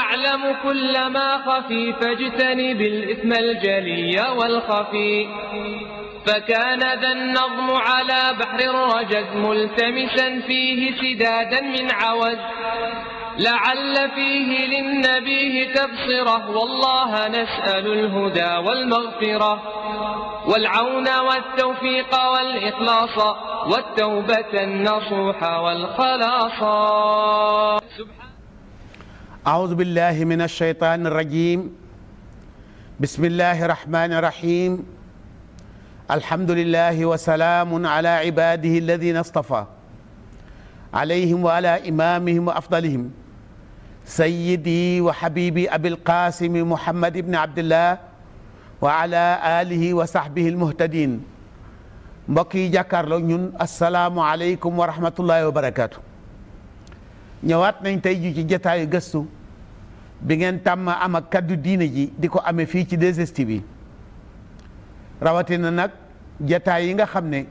أعلم كل ما خفي فاجتنب الإثم الجلي والخفي فكان ذا النظم على بحر الرجز ملتمسا فيه سدادا من عوز لعل فيه للنبي تبصرة والله نسأل الهدى والمغفرة والعون والتوفيق والإخلاص والتوبة النصوح والخلاص أعوذ بالله من الشيطان الرجيم بسم الله الرحمن الرحيم الحمد لله وسلام على عباده الذين اصطفى عليهم وعلى إمامهم وأفضلهم سيدي وحبيبي أبي القاسم محمد بن عبد الله وعلى آله وصحبه المهتدين mbokk yi jàkkaarloo ñun asalaamualeykum wa rahmatullahi wa barakaatu. ñëwaat nañ tey ji ci jataayu gëstu bi ngeen tàmm am ak kaddu diine ji di ko amee fii ci 2STV bi rawatina nag jataay yi nga xam ne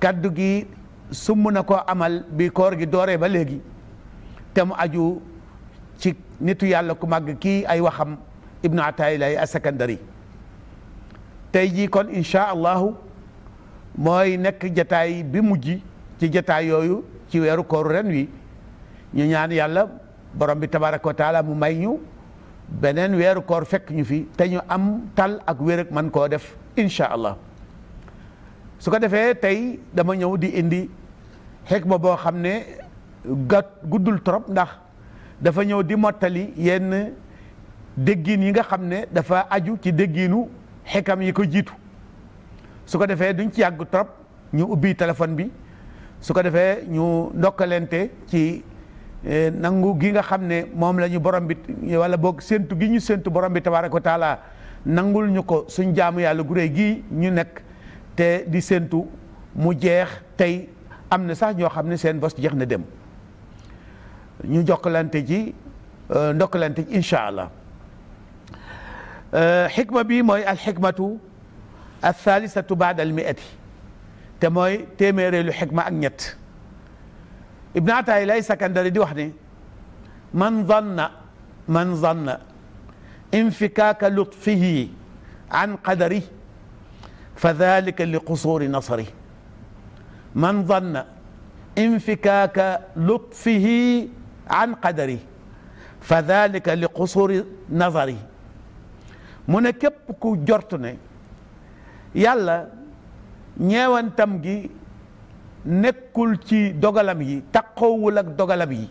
kaddu gi sumb na koo amal bi koor gi dooree ba léegi te mu aju ci nitu yàlla ku màgg kii ay waxam ibnu ataayilay asakandari tey jii kon incha mooy nekk jataay bi mujj ci jataay yooyu ci weeru kooru ren wi ñu ñaan yàlla borom bi tabaraka wa taala mu may ñu beneen weeru koor fekk ñu fi te ñu am tal ak wér ak man koo def incha allah su ko defee tey dama ñëw di indi ma boo xam ne gat guddul trop ndax dafa ñëw di mottali yenn déggin yi nga xam ne dafa aju ci déggiinu xikam yi ko jiitu su ko defee duñ ci yàgg trop ñu ubbi téléphone bi su ko defee ñu ndokkalente ci Eh, nangu gi nga xam ne moom la ñu borom bi wala boog séntu gi ñu séntu borom bi tabaaraka wa taala nangul ñu ko suñ jaamu yàlla gu gi ñu nekk te di séentu mu jeex tey am na sax ñoo xam ne seen bos jeex na dem ñu jokkalante ci euh, ndokkalante ci incha allah euh, xikma bi mooy al xikmatu al thaalisatu baad al miati te mooy téeméereelu xikma ak ñett ibn atayi lay sakandari di wax ne man zanna man zanna infikaaka lutfihi an qadari fa dalika li qusuuri nasari man zanna infikaaka lutfihi an qadari fa dalika li qusuuri nasari mu ne képp ku jort ne yàlla ñeewantam gi nekkul ci dogalam yi taqoowul ak dogalam yi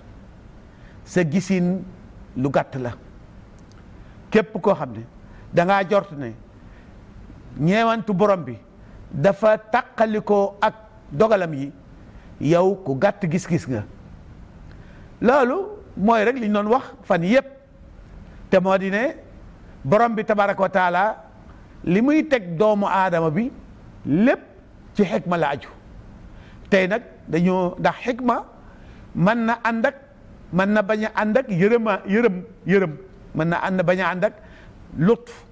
sa gisin lu gàtt la képp koo xam ne dangaa jort ne ñeewantu borom bi dafa taqalikoo ak dogalam yi yow ku gàtt gis-gis nga loolu mooy rek li ñu wax fan yépp te moo di ne borom bi tabaraka wa taala li muy teg doomu aadama bi lépp ci xikma la aju tey nag dañoo ndax xikma mën na ànd ak mën na bañ a ànd ak yërëma yërëm yërëm mën na ànd bañ a ànd ak lutf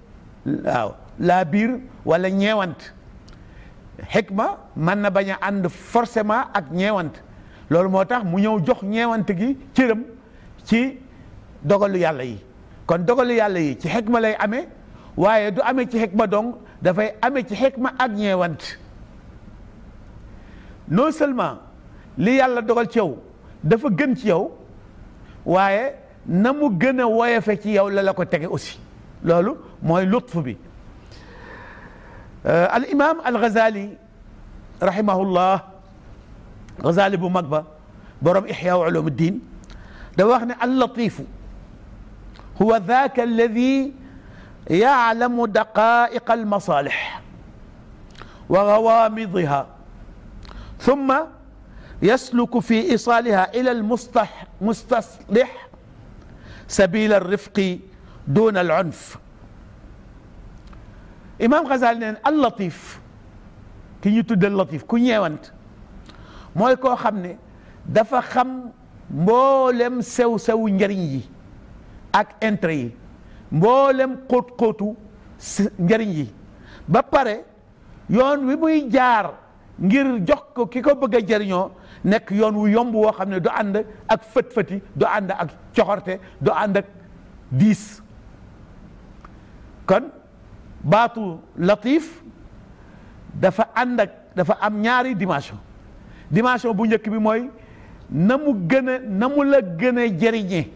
waaw laa biir wala ñeewant xikma mën na bañ a ànd forcément ak ñeewant loolu moo tax mu ñëw jox ñeewant gi cëram ci dogalu yàlla yi kon dogalu yàlla yi ci xikma lay amee waaye du amee ci xikma dong dafay ame ci xikma ak ñeewant non seulement li yàlla dogal ci yow dafa gën ci yow waaye na mu gën a woyofe ci yow la la ko tege aussi loolu mooy lutf bi euh, al imam al ghazali rahimahullah ghazali bu mag ba borom ihya wa ulum din da wax ne al latifu huwa dhaka alladi ya'lamu daqa'iq al masalih wa ghawamidiha ثم يسلك في إيصالها إلى المصلح مستصلح سبيل الرفق دون العنف Imaam Ghazali neen al latif ki ñu tuddal latif ku ñeewant mooy koo xam ne dafa xam mboolem sew sew njariñ yi ak intérêt yi mboolem xóot xóotu njariñ yi ba pare yoon wi muy jaar ngir jox ko ki ko bëgg jariñoo nekk yoon wu yomb woo xam ne du ànd ak fët-fëti du ànd ak coxorte du ànd ak diis kon baatu latif dafa ànd ak dafa am ñaari dimension dimension bu njëkk bi mooy na mu gën a na mu la gën a jëriñee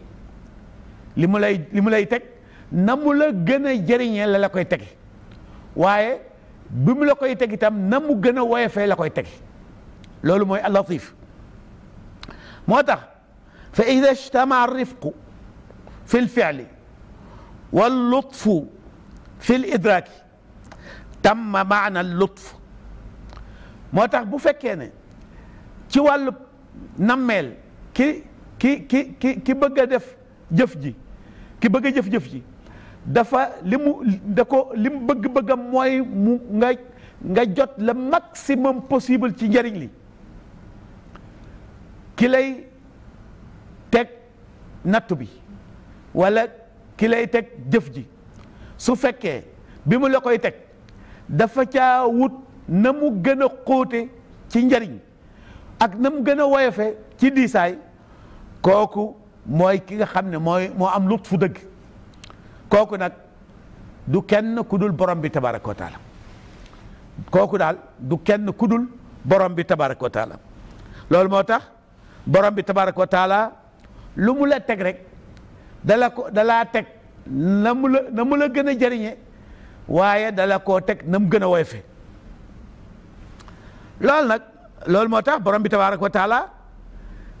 li mu lay li mu lay teg na mu la gën a jëriñee la la koy tege waaye bi mu la koy teg itam na mu gën a woyofee la koy teg loolu mooy allatif moo tax fa ida ijtama rifqu fi lfili wallutfu fi lidraki tamma maana lutf moo tax bu fekkee ne ci wàllu nammeel ki ki ki ki ki bëgg a def jëf ji ki bëgg a jëf-jëf ji dafa li mu da ko li mu bëgg-bëggam mooy mu nga nga jot le maximum possible ci njariñ li ki teg natt bi wala ki lay teg jëf ji su fekkee bi mu la koy teg dafa caa wut na mu gën a xóote ci njariñ ak na mu gën a woyofe ci diisaay kooku mooy ki nga xam ne mooy moo am lut fu dëgg kooku nag du kenn ku dul borom bi tabaraka wa kooku daal du kenn ku dul borom bi tabaraka wa taala loolu moo tax borom bi tabaraka wa lu mu la teg rek dala ko dalaa teg na mu la na mu la gën a jëriñe waaye dala koo teg na mu gën a fe loolu nag loolu moo tax borom bi tabaraka wa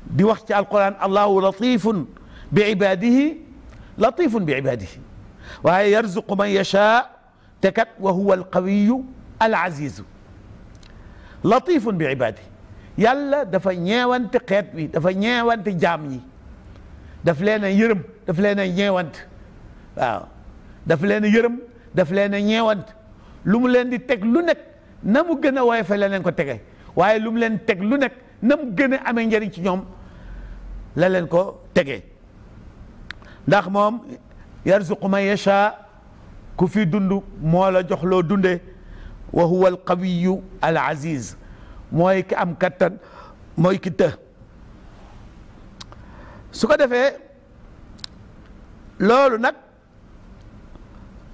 di wax ci alquran allahu latifun bi ibadihi latifun bi ibadihi waaye yarzuqu man yashaa tekat kat wa huwa alqawiyu alazizu latifun bi ibadi yàlla dafa ñeewante xeet bi dafa ñeewante jaam ñi daf leen a yërëm daf leen a ñeewant waaw daf leen a yërëm daf leen a lu mu leen di teg lu nekk na mu gën a woyofe la ko tege waaye lu mu leen teg lu nekk na mu gën a amee njëriñ ci ñoom la leen ko tegee ndax moom yarzuqu man yasha ku fi dund moo la jox loo dunde wa huwa alqawiyu al aziz mooy ki am kattan mooy ki të su ko defee loolu nag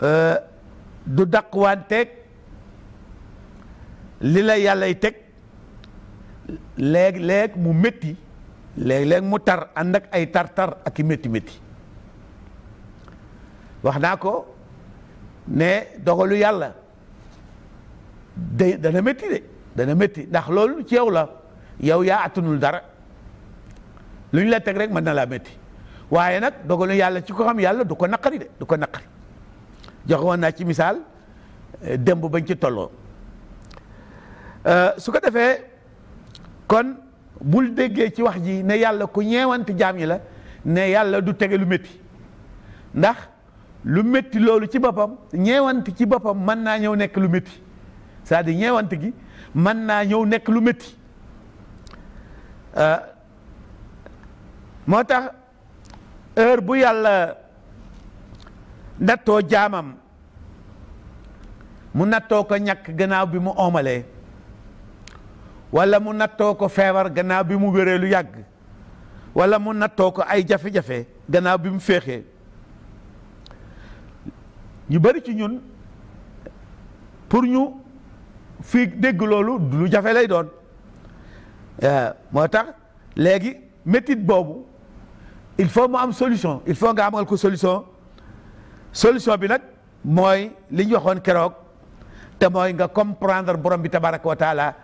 euh, du dàqwanteeg li la yàllay teg léeg-léeg mu métti léeg-léeg mu tar ànd ay tar-tar ak i métti wax naa ko ne dogalu yàlla de dana métti de dana métti ndax loolu ci yow la yow yaa attanul dara lu ñu la teg rek mën na laa métti waaye nag dogalu yàlla ci ko xam yàlla du ko naqari de du ko naqari joxe woon naa ci misaal eh, démb bañ ci tolloo eh, su ko defee kon bul déggee ci wax ji ne yàlla ku ñeewante jaam yi la ne yàlla du tege lu métti ndax lu métti loolu ci boppam ñeewant ci boppam mën naa ñëw nekk lu métti cest à gi mën naa ñëw nekk lu métti euh, moo tax heure bu yàlla nattoo jaamam mu nattoo ko ñàkk gannaaw bi mu oomalee wala mu nattoo ko feebar gannaaw bi mu wéree lu yàgg wala mu nattoo ko ay jafe-jafe gannaaw bi mu féexee ñu bari ci ñun pour ñu fii dégg loolu lu jafe lay doon euh, moo tax léegi métit boobu il faut mu am solution il faut nga amal ko solution solution bi nag mooy li ñu waxoon keroog te mooy nga comprendre borom bi tabaraka wa taala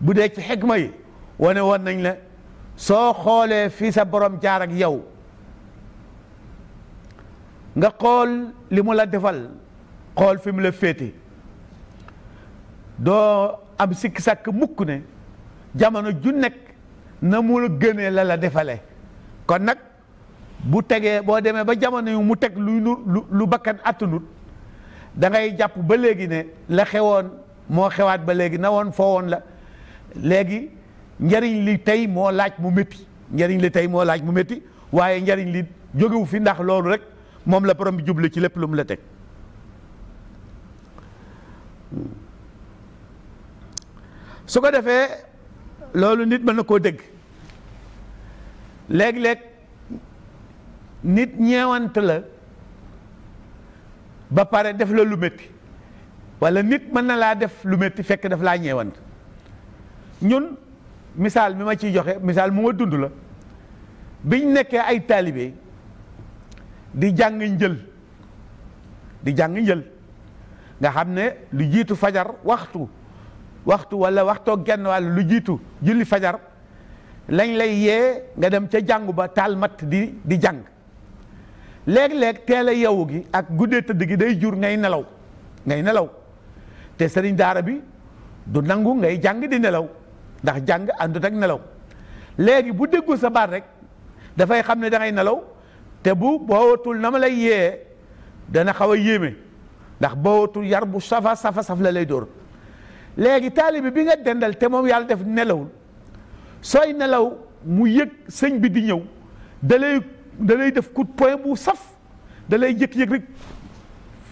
bu dee ci xikma yi wane woon nañ la soo xoolee fii sa borom jaar ak yow nga xool li mu la defal xool fi mu la féete doo am sikki sakk mukk ne jamono ju nekk na mu gënee la la defale kon nag bu tegee boo demee ba jamono yu mu teg lu lu lu bakkan attanut dangay jàpp ba léegi ne la xewoon moo xewaat ba léegi na woon foo woon la léegi njariñ li tey moo laaj mu métti njariñ li tey moo laaj mu métti waaye njariñ li jógewu fi ndax loolu rek moom la borom bi jublu ci lépp lu mu la teg su ko defee loolu nit mën na koo dégg léeg-léeg nit ñeewant la ba pare def la lu métti walla nit mën na laa def lu métti fekk daf laa ñeewant ñun misaal bi ma ciy joxe misaal mu ma dund la biñ nekkee ay taalibe di jàng njël di jàng nga xam ne lu jiitu fajar waxtu waxtu wala waxtoo genn wàll lu jiitu julli fajar lañ lay yee nga dem ca jàngu ba taal matt di di jàng léeg-léeg teel yeewu gi ak guddee tëdd gi day jur ngay nelaw ngay nelaw te sëriñ daara bi du nangu ngay jàng di nelaw ndax jàng àndut ak nelaw léegi bu déggu sa baat rek dafay xam ne da nelaw te bu boowatul na ma lay yee dana xaw a yéeme ndax boowatul yar bu safa safa saf la lay dóor léegi taalibe bi nga dendal te moom yàlla def nelawul sooy nelaw mu yëg sëñ bi di ñëw da lay da lay def coup de bu saf da lay yëg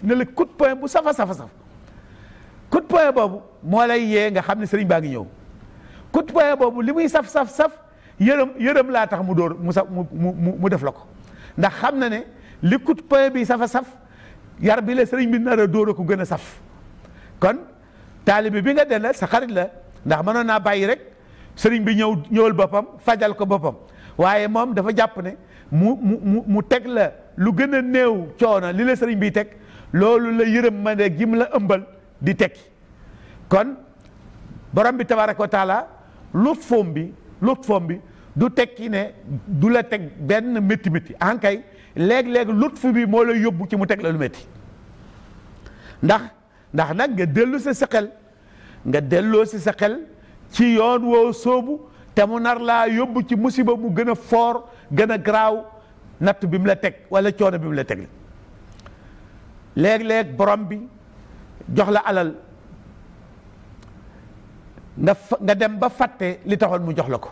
ne la coup bu safa safa saf coup de boobu moo lay yee nga xam ne sëriñ baa ngi ñëw coup de boobu li muy saf saf saf yërëm yërëm laa tax mu dóor mu saf mu mu mu def la ko ndax xam na ne li coup de poing bi safa saf yar bi la sëriñ bi nar a dóor ko gën a saf kon taalibe bi nga delloo sa xarit la ndax mënoon naa bàyyi rek sëriñ bi ñëw ñëwal boppam fajal ko boppam waaye moom dafa jàpp ne mu mu mu teg la lu gën a néew coono li la sëriñ bi teg loolu la yërëm ma ne gim la ëmbal di tekki kon borom bi tabaraka ko taala lut foom bi lut foom bi du teg tekki ne du la teg benn métti métti ankay leeg léeg lut fu bi moo lay yóbbu ci mu teg la lu métti ndax ndax nag nga dellu sa xel nga delloo si sa xel ci yoon woo soobu te mu nar laa yóbbu ci musiba mu gën a foor gën a garaaw natt bi mu la teg wala coono bi mu la teg la léeg-léeg borom bi jox la alal nga nga dem ba fàtte li taxoon mu jox la ko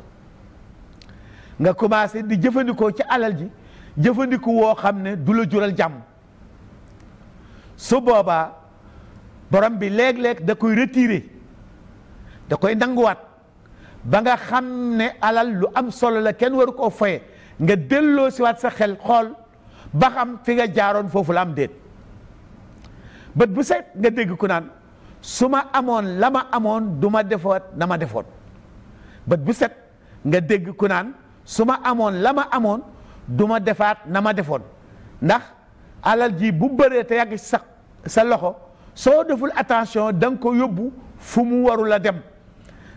nga commencé di jëfandikoo ci alal ji jëfandiku woo xam ne du la jural jàmm su boobaa borom bi léeg-léeg da koy retiré da koy nanguwaat ba nga xam ne alal lu am solo la kenn waru koo foye nga delloo siwaat sa xel xool ba xam fi nga jaaroon foofu la am déet bët bu set nga dégg ku naan su ma amoon la ma amoon du ma defoot na ma defoon bët bu set nga dégg ku naan su ma amoon la ma amoon du ma defaat na ma defoon ndax alal ji bu bëree te yàgg sa sa loxo soo deful attention da nga ko yóbbu fu mu warul a dem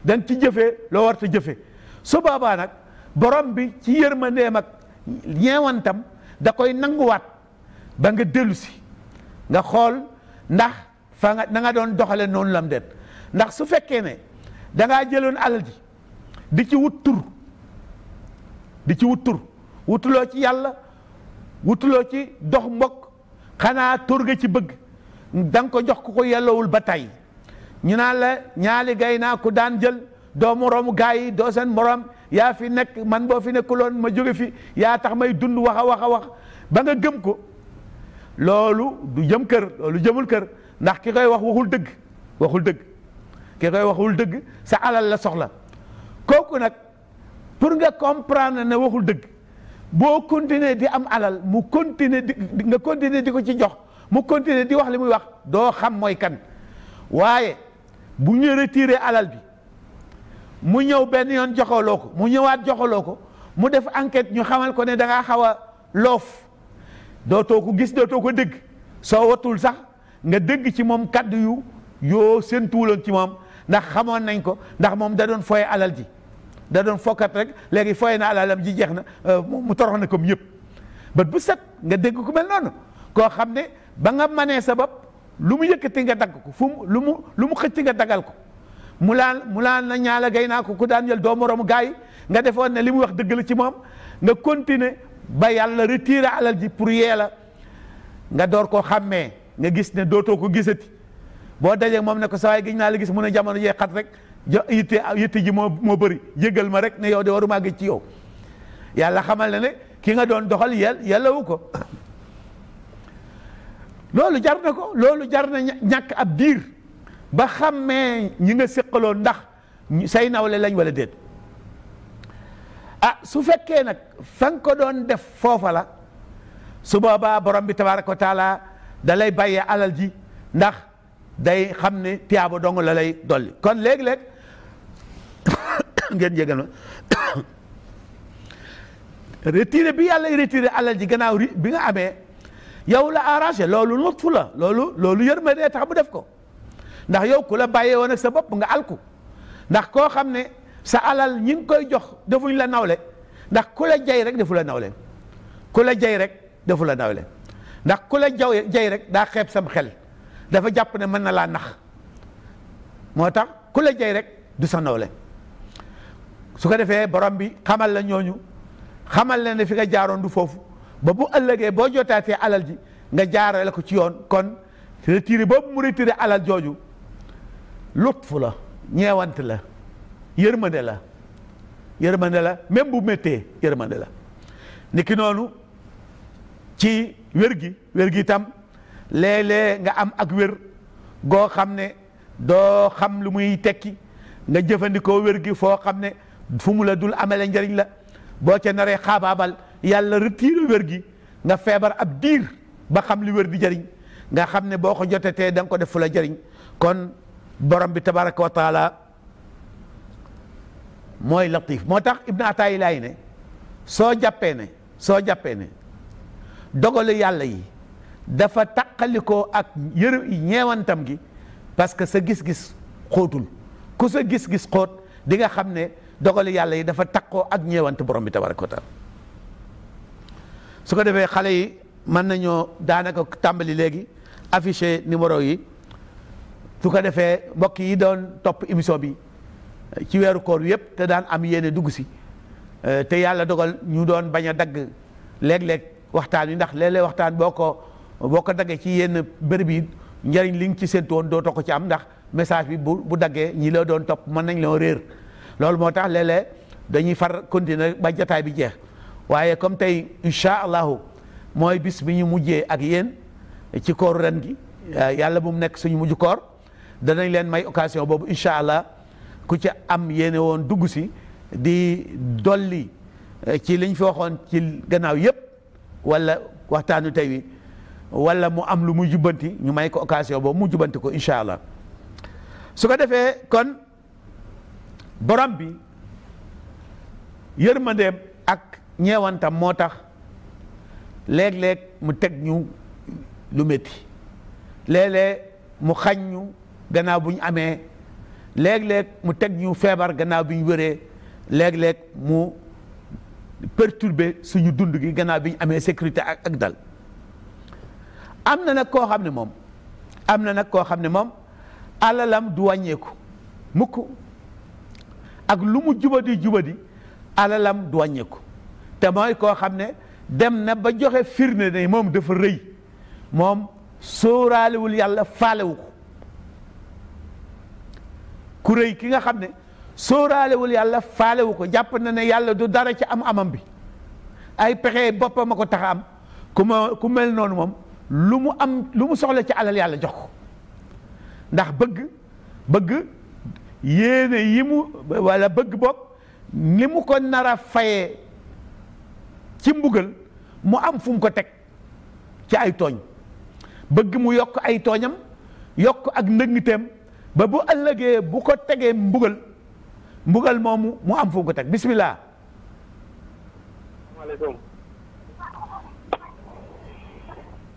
danga ci jëfe loo war jëfe su boobaa nag borom bi ci yërmandeem ak ñeewantam da koy nanguwaat ba nga dellu nga xool ndax fa nga na nga doon doxale noonu lam den ndax su fekkee ne da ngaa jëloon alal ji di ci wut tur di ci wuttur wutuloo ci yàlla wutuloo ci dox mbokk xanaa tur nga ci bëgg da nga ko jox ku ko yellowul ba tey ñu naan la ñaali gay naa ku daan jël doo moroomu gaa yi doo seen moroom yaa fi nekk man boo fi nekkuloon ma jóge fi yaa tax may dund wax a wax a wax ba nga gëm ko loolu du jëm kër loolu jëmul kër ndax ki koy wax waxul dëgg waxul dëgg ki koy waxul dëgg sa alal la soxla kooku nag pour nga comprendre ne waxul dëgg boo continuer di am alal mu continuer di nga continuer di ko ci jox mu continuer di wax li muy wax doo xam mooy kan waaye bu ñu retiré alal bi mu ñëw benn yoon joxaloo ko mu ñëwaat joxaloo ko mu def enquette ñu xamal ko ne dangaa ngaa xaw a loof doo ko gis dootoo ko dégg soo watul sax nga dégg ci moom kaddu yu yoo séentuwuloon ci moom ndax xamoon nañ ko ndax moom da doon foye alal ji da doon fokkat rek léegi fooy na alalam ji jeex na euh, mu torox ko comme ñëpp bët bu set nga dégg ko mel noonu koo xam ne ba nga manee sabab lu mu yëkkati nga dagg ko fu mu lu mu lu mu xëcc nga dagal ko mu laan mu laan na ñaala gay naa ko ku daan jël doo moroomu gars yi nga defoon ne li mu wax dëgg la ci moom nga continuer ba yàlla retiré alal ji pour yee la nga door koo xàmmee nga gis ne dootoo ko gisati boo dajee moom ne ko saa waay giñ naa la gis mu ne jamono jee rek ja yitte yitte ji moo moo bëri yëgal ma rek ne yow de waru maa gis ci yow yàlla xamal na ne ki nga doon doxal yàlla yàlla wu ko loolu jar na ko loolu jar na ñàkk ab biir ba xam xammee ñi nga séqaloo ndax say nawle lañ wala déet ah su fekkee nag fa ko doon def foofa la su boobaa borom bi tabaaraka ko taala da lay bàyyee alal ji ndax day xam ne tiyaabo dong la lay dolli kon léeg-léeg ngeen jégal ma retiré bi yàlla retiré alal ji gannaaw ri bi nga amee yow la arrangé loolu lutfu la loolu ma yërmande tax bu def ko ndax yow ku la bàyyee woon ak sa bopp nga alku ndax koo xam ne sa alal ñi ngi koy jox defuñ la nawle ndax ku la jay rek defu la nawle ku la jay rek defu la nawle ndax ku la jaw jay rek daa xeeb sam xel dafa jàpp ne mën na laa nax moo tax ku la jay rek du sa nawle su ko defee borom bi xamal la ñooñu xamal la ne fi nga jaaroon du foofu ba bu ëllëgee boo jotaatee alal ji nga jaarale ko ci yoon kon retiré boobu mu retiré alal jooju lutfu la ñeewant la yërmande la yërmande la même bu méttee yërmande la ni ki noonu ci wér gi wér gi itam léeg nga am ak wér goo xam ne doo xam lu muy tekki nga jëfandikoo wér gi foo xam ne fu mu la dul amele njariñ la boo ca naree xaabaabal yàlla retire wér gi nga feebar ab diir ba xam li wér di jëriñ nga xam ne boo ko jotatee da nga ko def fu jariñ kon borom bi tabaraka wa taala mooy latif moo tax ibnu atayi lay ne soo jàppee ne soo jàppee ne dogalu yàlla yi dafa ko ak yërë ñeewantam gi parce que sa gis-gis xóotul ku sa gis-gis koot di nga xam ne dogali yàlla yi dafa takkoo ak ñeewante borom bi tabaraka wa taala su ko defee xale yi mën nañoo daanaka tàmbali léegi affiché numéro yi su ko defee mbokk yi doon topp émission bi ci weeru koor yëpp te daan am yéene dugg si euh, te yàlla dogal ñu doon bañ a dagg léeg-léeg waxtaan wi ndax léeg-léeg waxtaan boo ko boo ko daggee ci yenn bërëb yi njariñ li nga ci séntu woon doo too ko ci am ndax message bi bu bu daggee ñii la doon topp mën nañ loo réer loolu moo tax léeg-léeg dañuy far continuer ba jataay bi jeex waaye comme tey incha allahu mooy bis bi ñu mujjee ak yéen ci kooru ren gi eh, yàlla bu mu nekk suñu mujj koor danañ leen may occasion boobu incha allah ku ci am yéene woon dugg si di dolli eh, ci liñ fi waxoon ci gannaaw yépp wala waxtaanu tey wi wala mu am lu muy jubbanti ñu may ko occasion boobu mu jubbanti ko incha allah su ko defee kon borom bi yërmandeem ak ñeewantam moo tax léeg-léeg mu teg ñu lu métti léeg mu xañ ñu gannaaw bu ñu amee léeg-léeg mu teg ñu feebar gannaaw bi ñu wéree léeg-léeg mu perturber suñu dund gi gannaaw bi ñu amee sécurité ak ak dal am nana nag koo xam ne moom am na nag koo xam ne moom alalam du wàññeeku ak lu mu di juba di alalam du wàññeeku te mooy koo xam ne dem na ba joxe firnde ne moom dafa rëy moom sooraalewul yàlla faalewu ko ki nga xam ne sóoraalewul yàlla faalewu ko jàpp na ne yàlla du dara ci am amam bi ay pexe boppam a ko tax am ku ma mel noonu moom lu mu am lu mu soxle ci alal yàlla jox ko ndax bëgg bëgg yéene yi mu wala bëgg bokk ni mu ko nar a fayee ci mbugal mu am fu mu ko teg ci ay tooñ bëgg mu yokk ay tooñam yokk ak ndëngiteem ba bu ëllëgee bu ko tegee mbugal mbugal moomu mu am fu mu ko teg bismillah asalaamaaleykum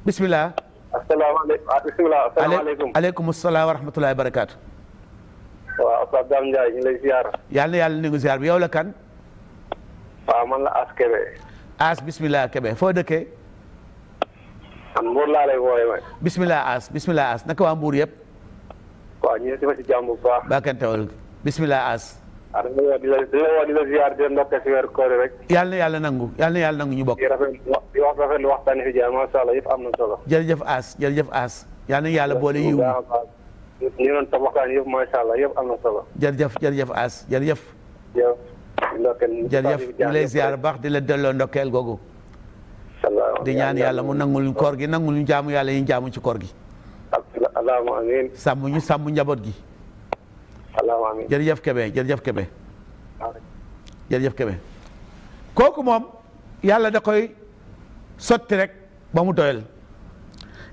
bismillah asalaamaaleykum asalaamaaleykum aleykum salaam wa rahmatullahi wa barakaatu waaw Pape Dame yàlla na yàlla nangu ziar bi yow la kan. waaw man la As Kebe. As bismillah Kebe foo dëkkee. man Mbour laa lay woowee man. bismillah As bismillah As naka waa yëpp. waaw ñu ngi si ma si jàmm bismillah As. waaw la di la di yàlla na yàlla nangu yàlla na yàlla nangu ñu bokk. di rafetlu di waxtaan fi yëpp am na solo. li doon tam waxtaan yëpp macha allah yëpp am na solo. jërëjëf jërëjëf As jërëjëf. jërëjëf ndokkeel. jërëjëf baax di la delloo ndokkeel googu. di ñaan yàlla mu nangul koor gi na ñu jamu yàlla yi jaamu ci koor gi. allahumma amiin. sàmm ñu sàmm njaboot gi. allahumma amiin. jërëjëf Kébé jërëjëf Kébé. jërëjëf Kébé. da koy sotti rek ba mu doyal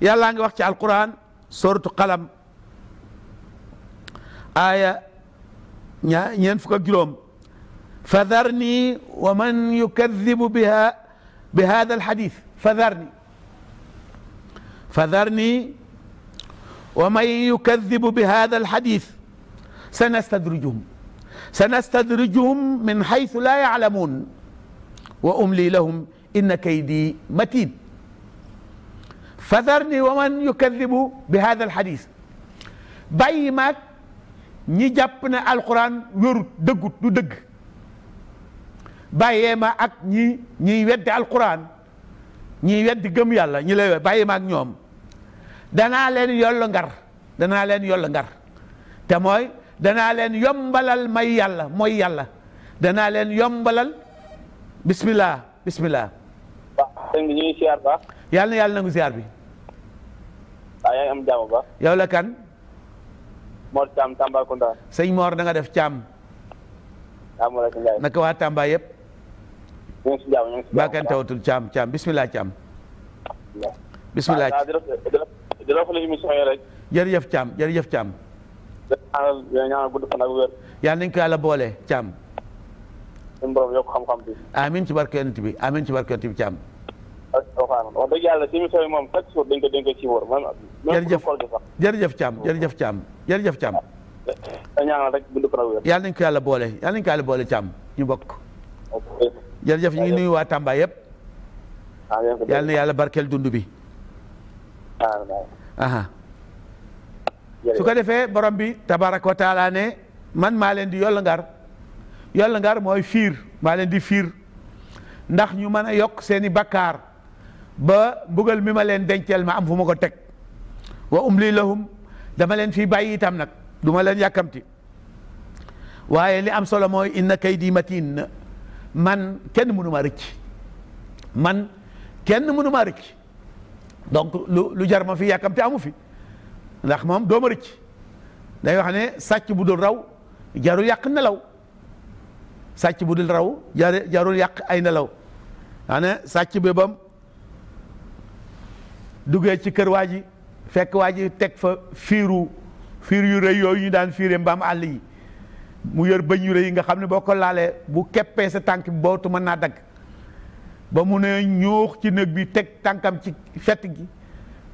yàlla ngi wax ci alquran sóoratu qalam. aaya ñaa ñeent fukk ak juróom fa darni wa man yukadibu biha bi hada alxadis fa darni fa darni wa man yukadibu bi hada alxadis sanastadrijuhum sanastadrijuhum min xaytu laa yaclamuun wa umli lahum inna kaydi matin fa darni wa man yukadibu bi hada alxadis bàyyi maag ñi jàpp ne alxuraan wérut dëggut du dëgg bàyyee ma ak ñi ñiy weddi alxuraan ñiy weddi gëm yàlla ñi lay bàyyi ma ak ñoom danaa leen yoll ngar danaa leen yoll ngar te mooy danaa leen yombalal may yàlla mooy yàlla danaa leen yombalal bismillah bismillah yàlla yàlla nangu ziar bi. waaw la kan. Mor Thiam Tambacounda. sëñ Mor da def Thiam. asalaamaaleykum Ndiaye. naka waa Tamba yëpp. ñu ngi si jàmm ñu ngi si jàmm baa kenn tawatul Thiam Thiam bisimilah Thiam. bisimilah. waaw ah, di rafetlu émission yi rek. jërëjëf Thiam jërëjëf Thiam. ñaanal yàlla nañu ko yàlla boole Thiam. suñu borom yokk xam-xam bi. ci barke yonent bi amiin ci barke bi Thiam. wax dëgg yàlla si émission yi moom chaque jour dañ ko dañ ko ci wóor. jërëjëf jërëjëf Thiam jërëjëf Thiam. jërëjëf Thiam. ñaanal rek yàlla nañ ko yàlla boole yàlla nañ ko yàlla boole Thiam ñu bokk. jërëjëf ñu ngi nuyu waa Tamba yépp yàlla na yàlla barkeel dund bi. su ko defee borom bi tabaaraka wa taala ne man maa leen di yolla ngar yolla ngar mooy fiir maa leen di fiir ndax ñu mën a yokk seeni bakkaar ba mbugal mi ma leen denceel ma am fu ma ko teg wa umli lahum dama leen fii bàyyi itam nag du ma leen waaye li am solo mooy inna kaydi matin man kenn mënu ma rëcc man kenn mënu ma rëcc donc lu lu jar ma fi yàkkamti amu fi ndax moom doo ma rëcc day wax ne sàcc bu raw jarul yàq nelaw sàcc bu raw jarul yàq ay nelaw xanaa sàcc bébam duggee ci kër ji fekk waa ji teg fa fiiru fiir yu rëy yooyu ñu daan fiire mbaam àll yi mu yor bëñ yu rëy yi nga xam ne boo ko laalee bu keppee sa tànk bi bootu mën naa dagg ba mu ne ñuux ci nëg bi teg tànkam ci fett gi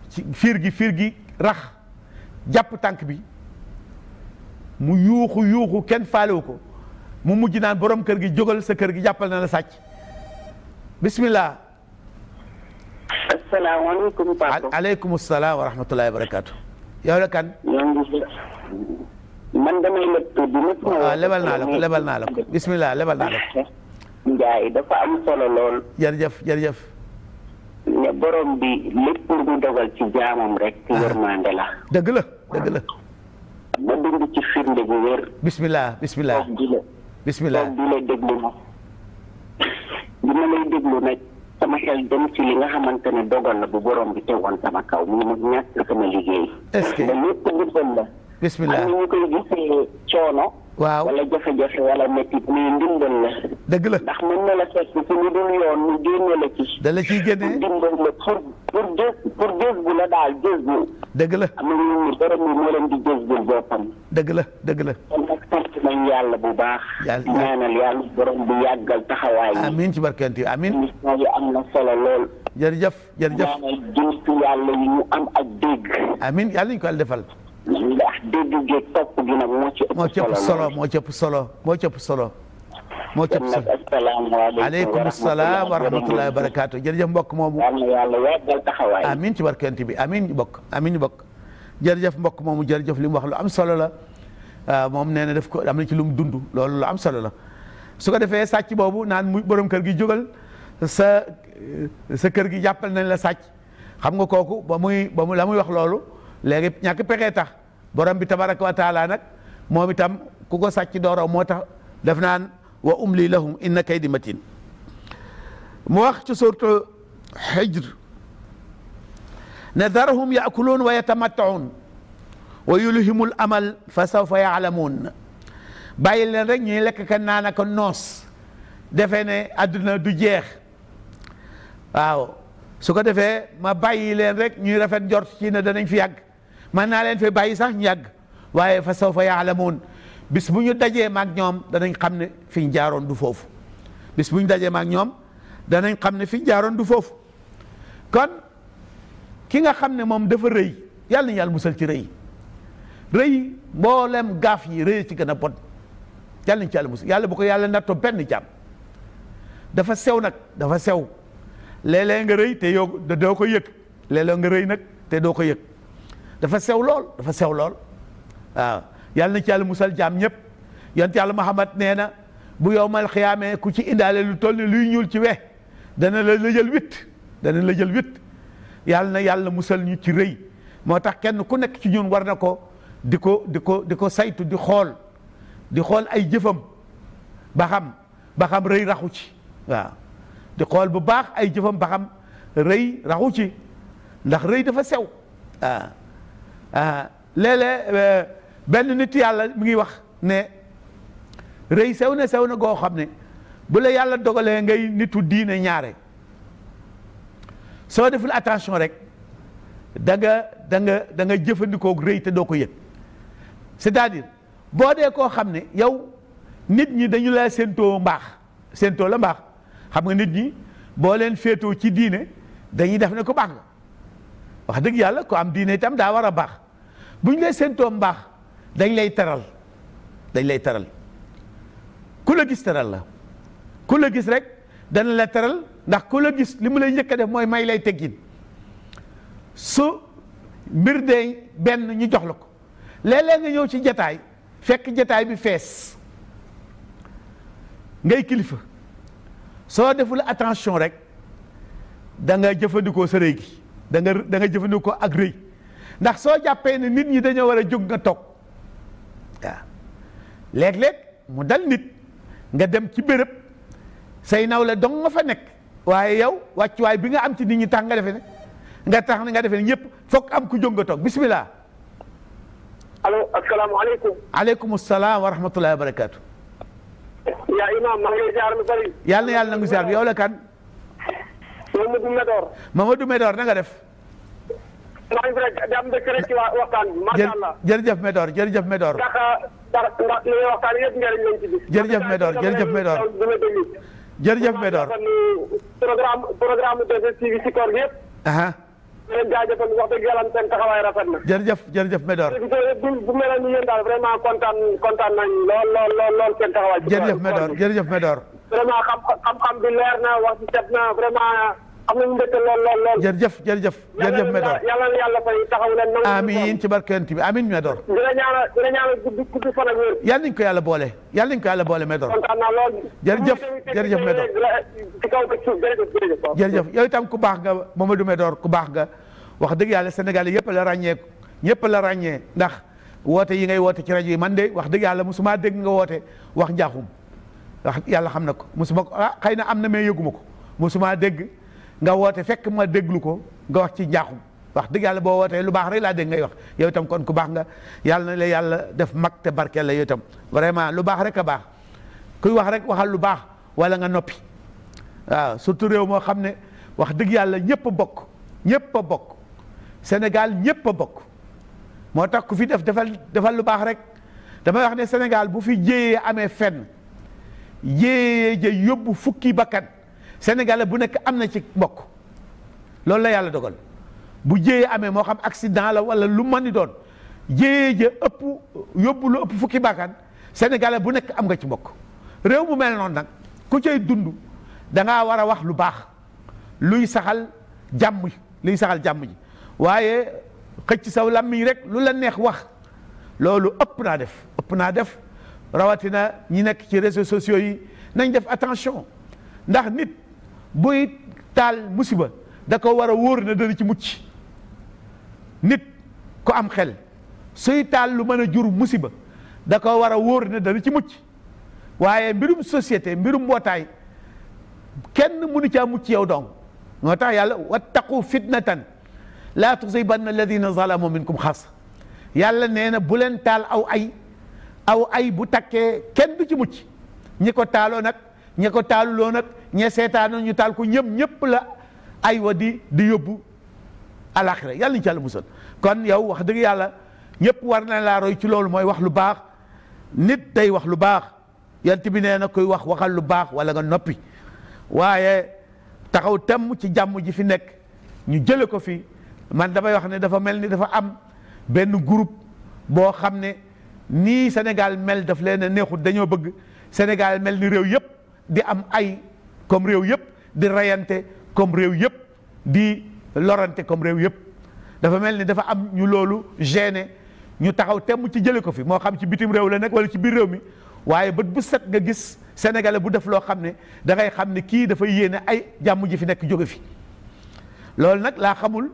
ci fiir gi fiir gi rax jàpp tànk bi mu yuuxu yuuxu kenn faalewu ko mu mujj naan borom kër gi jógal sa kër gi jàppal na la sàcc bismillah asalaamaaleykum Pape. aleykum salaam wa rahmatullahi wa kan. man damay leb tudd nit. Ah, waaw lebal la ko la ko bisimilah la ko. Ndiaye dafa am lool. jërëjëf jërëjëf. ne borom bi ah. la. dëgg la dëgg la. ma dund ci firnde bu sama xel dem ci li nga xamante ne bu borom bi tegoon sama kaw mu ma ñàkk sama liggéey. est bismillah na ñu koy gisee coono. waaw wala jafe-jafe wala métit muy ndimbal la. dëgg la ndax mën na la fekk ci lu dul yoon mu génne la ci. da génne ndimbal la bu la daal jës bu. dëgg la am na ñu borom bi moo di jës bu boppam. dëgg la la. nañ yàlla bu baax. ñaanal yàlla borom bu yàggal taxawaay yi. amiin ci barkanti amiin. émission yi am na solo lool. jërëjëf jërëjëf ñaanal jiitu yàlla yi ñu am ak dégg. amiin yàlla ñu ko al defal. ndax dégg gi topp gi nag moo ci ëpp solo moo ci ëpp solo moo ci ëpp solo. moo cëpp sa aleykum salaam wa rahmatullahi wa barakaatu jërëjëf mbokk moomu amin ci barkante bi amin ñu bokk amin ñu bokk jërëjëf mbokk moomu jërëjëf li mu wax lu am solo la Euh, moom nee na daf ko am na ci lu mu dund loolu lu am solo la su ko defee sàcc boobu naan muy borom kër gi jógal sa sa kër gi jàppal nañ la sàcc xam nga kooku ba muy ba mu la muy wax loolu léegi ñàkk pexee tax borom bi tabaraka wa taala nag moom itam ku ko sàcc dooro moo tax daf naan wa umli lahum inna kaydi matin mu wax ci surtu xijr ne darahum yaakuluun wa yatamattaun wa yulhimul amal fa sawfa yaalamuun bàyyi leen rek ñuy lekk ka naan ak noos defe ne àdduna du jeex waaw su ko defee ma bàyyi leen rek ñuy rafet jor ci ne danañ fi yàgg man naa leen fi bàyyi sax ñu yàgg waaye fa sawfa yaalamuun bis bu ñu dajee maag ñoom danañ xam ne fi jaaroon du foofu bis bu ñu dajee maag ñoom danañ xam ne fi jaaroon du foofu kon ki nga xam ne moom dafa rëy yàlla na yàlla musal ci rëy rëy mboolem gaaf yi rëy ci gën a bon yàlla nañ yàlla musu yàlla nattoo benn jàmm dafa sew nag dafa sew léeg nga rëy te yow doo ko yëg léeg nga rëy nag te doo ko yëg dafa sew lool dafa sew lool waaw yàlla na ci yàlla musal jam ñëpp yonent yàlla Muhammad nee na bu yowmal xiyaamee ku ci indaale lu toll ni luy ñuul ci we dana la la jël witt dana la jël witt yàlla na yàlla musal ñu ci rëy moo tax kenn ku nekk ci ñun war na ko di ko di ko di ko saytu di xool di xool ay jëfam ba xam ba xam rëy raxu ci waaw di xool bu baax ay jëfam ba rëy raxu ci ndax rëy dafa sew ah ah benn nit yàlla mi ngi wax ne rëy sew na sew na goo xam ne bu la yàlla dogalee ngay nitu diine ñaare soo deful attention rek da nga danga nga da nga rëy te doo ko yëg c'est-à-dire boo dee koo xam ne yow nit ñi dañu laa séentoo mbaax séentoo la mbaax xam nga nit ñi boo leen féetoo ci diine dañuy def ne ko baax nga wax dëgg yàlla ku am diine tam daa war a baax bu ñu lay séentoo mbaax dañ lay teral dañ lay teral ku la gis teral la ku la gis rek dana la teral ndax ku la gis li mu lay njëkk a def mooy may lay teggin su mbir dee benn ñu jox la ko léeg nga ñëw ci jataay fekk jataay bi fees ngay kilifa soo deful attention rek da nga jëfandikoo sa rëy gi da nga da jëfandikoo ak rëy ndax soo jàppee ne nit ñi dañoo war a jóg nga toog waaw léeg mu dal nit nga dem ci béréb say nawle dong nga fa nekk waaye yow wàccuwaay bi nga am ci nit ñi tax nga defe ne nga tax nga defe ne ñëpp fokk am ku jóg nga toog bismillah allo asalaamaaleykum. aleykum salaam wa rahmatullahi wa barakaatu. yaa imaam maa ngi lay ziar lu bëri. yàlla na yàlla nangu ziar bi yow la kan. Mamadou Medor. Mamadou Medor na nga def. maa ngi rek di am dëkk rek ci waxtaan bi. macha allah jërëjëf Medor jërëjëf Medor. ndax ndax li nga waxtaan yëpp njëriñ lañ ci bi. jërëjëf Medor jërëjëf Medor. jërëjëf Medor. programme programme de ci koor gi yëpp. di leen jaajëfal wax dëgg yàlla seen taxawaay na. jërëjëf jërëjëf Medor. bu bu meloon ni yéen daal vraiment kontaan kontaan nañu lool lool lool lool seen taxawaay. jërëjëf Medor jërëjëf Medor. vraiment xam-xam bi leer na wax ci set na vraiment. am nañu mbégte lool lool lool. jërëjëf jërëjëf jërëjëf Medor yàlla na yàlla ci barkeent bi amiin Medor. dina ñaanal ko yàlla boole yal nañu ko yàlla boole Medor. kontaan naa lool. jërëjëf jërëjëf Medor. ku baax nga ma Mamadou Medor ku baax nga wax dëgg yàlla Sénégal yëpp la ràññee ñëpp la ràññee ndax woote yi ngay woote ci rajo yi man de wax dëgg yàlla musuma dégg nga woote wax njaaxum wax yàlla xam na ko musuma ko ah xëy na am na mais yëguma ko musuma dégg nga woote fekk ma déglu ko nga wax ci njaaxum wax dëgg yàlla boo wootee lu baax rek laa dégg ngay wax yow itam kon ku baax nga yàlla na la yàlla def mag te barkeel la yow itam vraiment lu baax rek a baax kuy wax rek waxal lu baax wala nga noppi waaw surtout réew moo xam ne wax dëgg yàlla ñëpp a bokk ñëpp bokk Sénégal ñëpp bokk moo tax ku fi def defal defal lu baax rek damay wax ne Sénégal bu fi jéyee amee fenn jéyee ja yóbbu fukki bakkan Sénégalais bu nekk am na ci mbokk loolu la yàlla dogal bu jéyee amee moo xam accident la wala lu mën ni doon jéyee ja ëpp yóbbu lu ëpp fukki baakaan Sénégalais bu nekk am nga ci mbokk réew mu mel noonu nag ku cay dund da ngaa war a wax lu baax luy saxal jàmm luy saxal jàmm ji waaye xëcc saw làmmiñ rek lu la neex wax loolu ëpp naa def ëpp naa def rawatina ñi nekk ci réseaux sociaux yi nañ def attention ndax nit. buy taal musiba da ko war a wóor na dana ci mucc nit ku am xel suy taal lu mën a jur musiba da ko war a wóor na dana ci mucc waaye mbirum société mbirum mbootaay kenn mënu caa mucc yow dong moo tax yàlla wattaqu fitnatan laa tusibanna alladina zalamu minkum xas yàlla nee na bu leen taal aw ay aw ay bu takkee kenn du ci mucc ñi ko taaloo nag ñi ko taaluloo nag ñe seetaanu ñu taal ko ñëpp ñëpp la ay wa di di yóbbu alaxira yàlla ñu ci yàlla musal kon yow wax dëgg yàlla ñëpp war na laa roy ci loolu mooy wax lu baax nit day wax lu baax yant bi nee na koy wax waxal lu baax wala nga noppi waaye taxaw temm ci jàmm ji fi nekk ñu jële ko fi man damay wax ne dafa mel ni dafa am benn groupe boo xam ne nii senegal mel daf leen a neexut dañoo bëgg senegal mel ni réew yëpp di am ay comme réew yëpp di reyante comme réew yëpp di lorante comme réew yëpp dafa mel ni dafa am ñu loolu gene ñu taxaw temm ci jële ko fi moo xam ci bitim réew la nekk wala ci biir réew mi waaye bët bu set nga gis sénégalais bu def loo xam ne da xam ne kii dafa yéene ay jàmm ji fi nekk jóge fi loolu nag laa xamul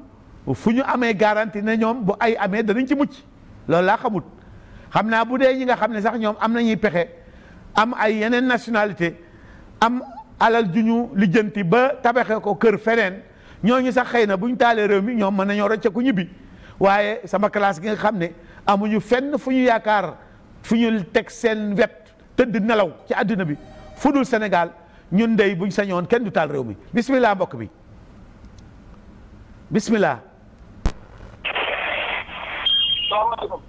fu ñu amee garanti na ñoom bu ay amee danañ ci mucc loolu laa xamul xam naa bu dee ñi nga xam ne sax ñoom am nañuy pexe am ay yeneen nationalité am alal ju ñu lijjanti ba tabaxee ko kër feneen ñooñu sax xëy na bu ñu taalee réew mi ñoom mën nañoo rocceeku ñibbi waaye sama classe gi nga xam ne amuñu fenn fu ñu yaakaar fu ñu teg seen wet tëdd nelaw ci àddina bi fu dul senegal ñun dey buñ sañoon kenn du taal réew mi bismillah mbokk bi bismillah salaamaaleykum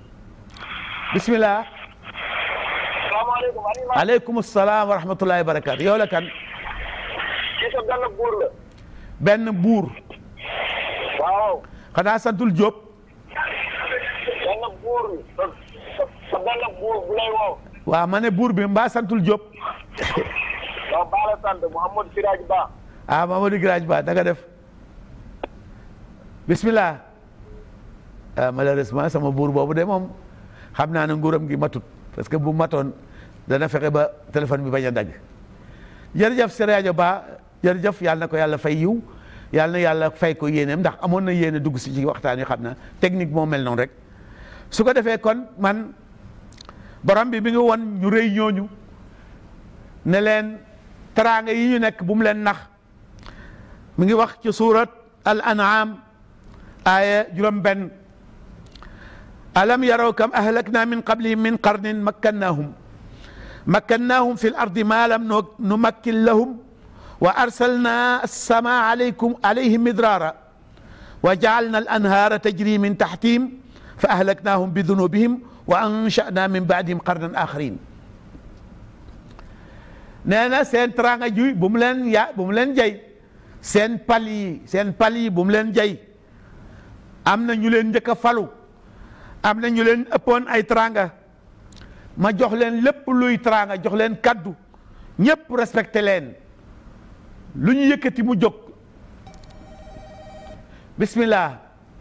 bismillah salaamaaleykum aleykum kan benn buur la. benn buur. santul Diop. benn buur buur bu lay bi mbaa santul Diop. waaw Ba la Ba. ah def. bismillah ah malheureusement sama buur boobu de moom xam naa ne nguuram gi matut parce que bu matoon dana fexe ba téléphone bi bañ a dagg jërëjëf Siraj Ba. jërëjëf yàlla na ko yàlla fay yiw yàlla na yàlla fay ko yéeneem ndax amoon na yéene dugg si ci waxtaan wi xam na technique moo mel noonu rek su ko defee kon man borom bi bi nga won ñu rëy ñooñu ne leen taraanga yi ñu nekk bu mu leen nax mi ngi wax ci suurat al an'am aaya juróom benn alam yaraw kam ahlakna min qablihim min qarnin makkannahum makkannahum fi l ma lam numakkin lahum wa arsalna sama alaykum alayhim midraara waa jaalna al anhaara tajri min taxtihim fa ahlaknaahum bi dunubihim wa ansha'na min baadihim qarnan aaxarin nee na seen teraanga ji bu mu leen ya bu leen jay seen pal yi pal yi bu mu leen jay am na ñu leen njëkk a falu am na ñu leen ëppoon ay tranga ma jox leen lépp luy teraanga jox leen kaddu ñëpp respecté leen lu ñu yëkkati mu jóg bismillah.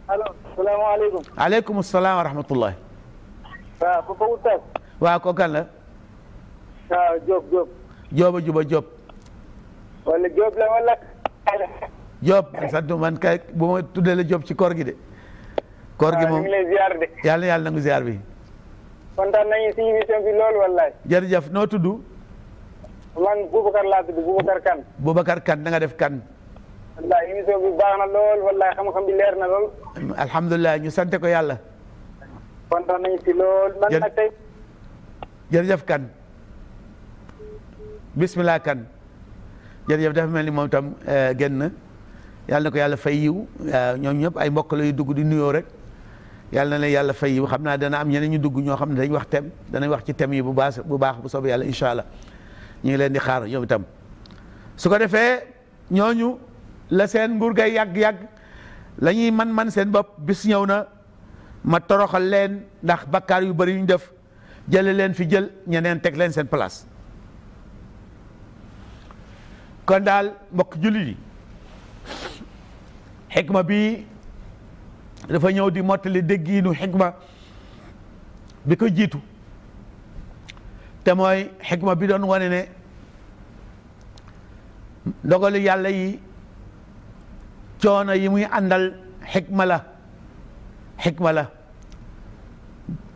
allo salaamaaleykum. aleykum salaam wa rahmatullah. waaw Papa Oustaz. waaw a juba Diop. wala Diop la wala. Diop man sant man kay bu ma tuddee la ci koor gi de. koor gi moom yàlla yàlla nangu ziar bi. jërëjëf noo tudd. man Boubacar laa tudd Boubacar Kane. Boubacar Kane da def Kane. wallaahi émission bi baax na lool wallaahi xam-xam bi leer na lool. alhamdulilah ñu sant ko yàlla. kontaan nañu kan lool. man nag tey jërëjëf dafa mel ni moom itam eh, génn yàlla na ko yàlla fay yiw eh, ñoom ñëpp ay mbokk la yu dugg di nuyoo rek yàlla na leen yàlla fay yiw xam naa dana am ñeneen ñu dugg ñoo xam ne dañ wax tem danañ wax ci tem yi bu baax bu baax bu soobee yàlla incha allah. ñu ngi leen di xaar ñoom itam su ko defee ñooñu la seen nguur gay yàgg-yàgg lañuy man-man seen bopp bis ñëw na ma toroxal leen ndax bakkaar yu bari yu ñu def jële leen fi jël ñeneen teg leen seen place kon daal mbokk jullit yi ma bi dafa ñëw di mottali déggiinu ma bi ko jiitu te mooy xikma bi doon wane ne ndogalu yàlla yi coono yi muy àndal xikma la xikma la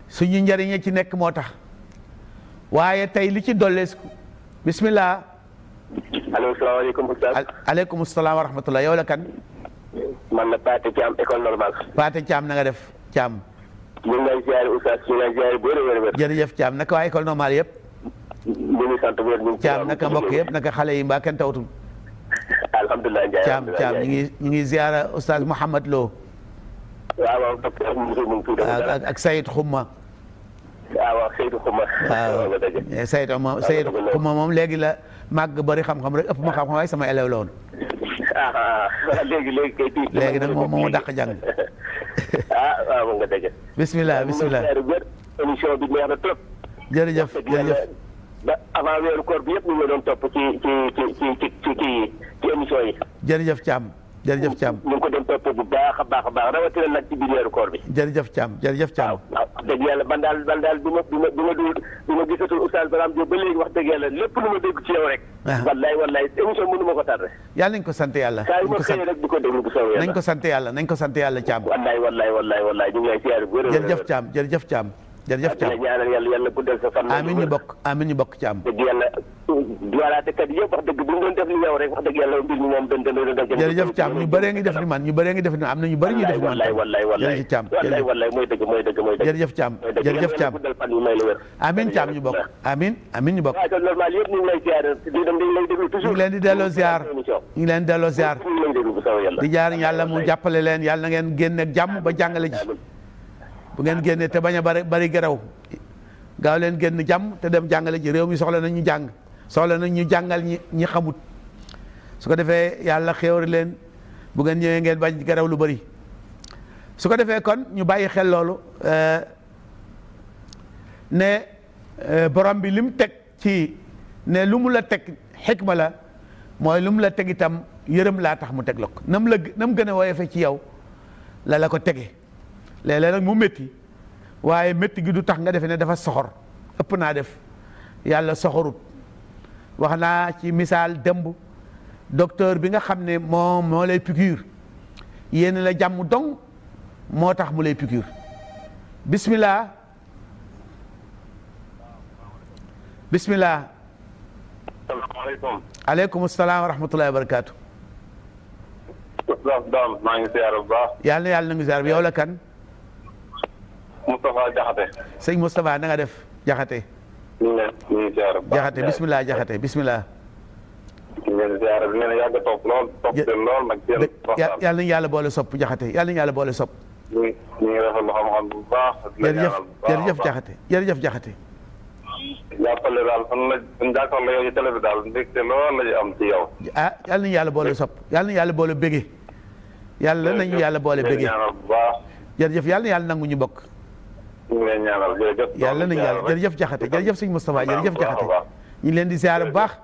suñu njëriñe ci nekk moo tax waaye tey li ci dolleesku bismillah allo salaamaaleykum ustaz aleykum salaam wa rahmatullah yow la kan man la Paate Thiam école normale Paate Thiam na def Thiam ñu ngi lay ziare oustaz ñu ngi lay ziare a wér. naka waa école normale yëpp. ñu naka mbokk yëpp naka xale yi mbaa kenn tawatul. alhamdulilah Ndiaye Thiam Thiam ñu ngi ñu ngi ziare oustaz Mouhamed Lo. waaw waaw docteur Moussa ak ak Sayid Xuma. Ah, waaw Seydou eh, moom Seydou léegi la màgg bari xam-xam rek ma xam-xam waaye sama élève la woon. Ah, ah, léegi léegi nag moom moo dàq ah waaw nga dëgg. bisimilah bisimilah émission bi neex na trop. jërëjëf jërëjëf ba avant weeru koor bi yëpp ñu ngi doon topp ci ci ci ci ci ci émission yi. jërëjëf Thiam jërëjëf ko doon topp bu baax a baax a baax rawatina nag ci biir weeru bi. jërëjëf Thiam jërëjëf Thiam. waaw dëgg yàlla man daal daal bi ma bi ma bi bi ma gisatul oustaz Barham Diop ba léegi wax dëgg yàlla lépp lu ma dégg ci rek ah. wallaay wallaay émission mënu ko tardé yàlla nañ ko sant yàlla saa yu ma xëyee rek di ko déglu bu soobee yàlla nañ ko sant yàlla nañ ko sant wallaay wallaay wallaay wallaay ñu ngi lay siyaare bu jërëjëf Thiam dina ñaanal yàlla yàlla guddal sa fan. amiin ñu bokk amiin ñu bokk Thiam. dëgg yàlla duwalaatekat wax dëgg bu ñu doon def ni yow rek wax man ñu bëree ngi def ni man am na ñu bëri ñuy man jërëjëf leen di delloo ziar ñu ngi leen di delloo ziar di jaar yàlla mu jàppale leen yàlla na ngeen génn ak jàmm ba jàngale ji bu ngeen génnee te bañ a bari bari geraw gaaw leen génn jàmm te dem jàngale ji réew mi soxla na ñu jàng soxla nañ ñu jàngal ñi ñi xamut su ko defee yàlla xéewari leen bu ngeen ñëwee ngeen bañ geraw lu bari su ko defee kon ñu bàyyi xel loolu euh, ne euh, borom bi lim teg ci ne lu mu la teg xikma la mooy lu mu la teg itam yërëm laa tax mu teg la na mu la na mu gën a woyofe ci yow la la ko tege léeg-léeg nag mu métti waaye métti gi du tax nga defe ne dafa soxor ëpp naa def yàlla soxorut wax naa ci misaal demb docteur bi nga xam ne moo moo lay piqûre yéen la jàmm dong moo tax mu lay pikiir bismillah bismillah salaamaaleykum aleykum salaam wa wa barakaatu. yàlla yàlla na ngi ziar bi yow la kan. Moustapha Diakhaté. sëñ Moustapha na nga def Diakhaté. ñu ngi leen di ziar. Diakhaté bisimilah Diakhaté bisimilah. ñu ngi leen di ziar di leen yàgg a topp lool topp leen lool nag. yàlla nañu yàlla boole sopp Diakhaté yàlla nañu yàlla boole sopp. ñu ngi ñu ngi rafetlu xam-xam bu baax. jërëjëf jërëjëf Diakhaté jërëjëf Diakhaté. jàppale daal fan la suñu jàkkaarloo yow ci télé bi daal ndekte lool la ñu am ci yow. ah yàlla nañu yàlla boole sopp yàlla nañu yàlla boole bége. yàlla nañu yàlla boole bége jërëjëf yàlla na yàlla nangu ñu bokk ñu ngi leen ñaanal jërëjëf. yàlla na yàlla jërëjëf Jaxate jërëjëf sëñ Moustapha jërëjëf Jaxate ñu leen di ziar bu baax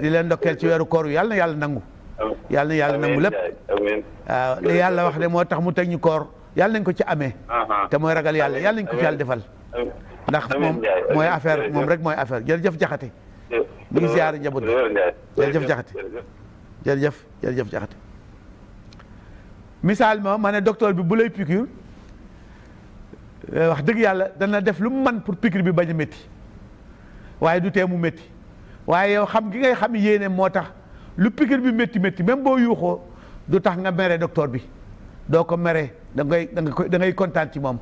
di leen ndokkeel ci weeru koor yàlla na yàlla nangu yàlla na yàlla nangu ah, yàlla wax de moo tax mu teg ñu koor yàlla nañ ko ci amee te mooy ragal yàlla yàlla nañ ko ci yàlla defal ndax moom mooy affaire moom rek mooy affaire jërëjëf Jaxate ñu ngi ziar njaboot bi jërëjëf Jaxate jërëjëf jërëjëf Jaxate misaal ma ma ne docteur bi bu lay piqûre Euh, wax dëgg yàlla dana def lu mu man pour piqûre bi bañ a métti waaye du tee mu métti waaye yow xam gi ngay xam yéene moo tax lu piqûre bi métti métti même boo yuuxoo du tax nga mere docteur bi doo ko mere da ngay da ngay da kontaan ci moom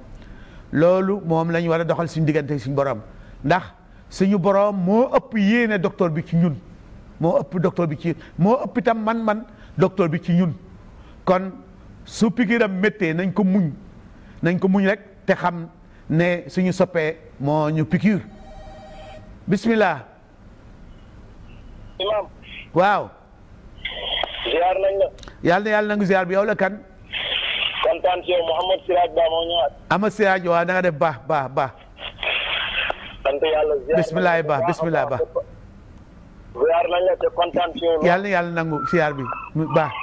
loolu moom la war a doxal suñ diggante suñu borom ndax suñu borom moo ëpp yéene docteur bi ci ñun moo ëpp docteur bi ci moo ëpp itam man-man docteur bi ci ñun kon su piqûram méttee nañ ko muñ nañ ko muñ rek te xam ne suñu soppee moo ñu piqûre bismillah waaw ziar nañ la yàlla na yàlla nangu bi yow la kan kontaan ci yow Mouhamed Siraj Ba moo ñëwaat baax baax baax sant yàlla bismillah baax bismillah baax ziar la te yàlla na yàlla nangu ziar bi baax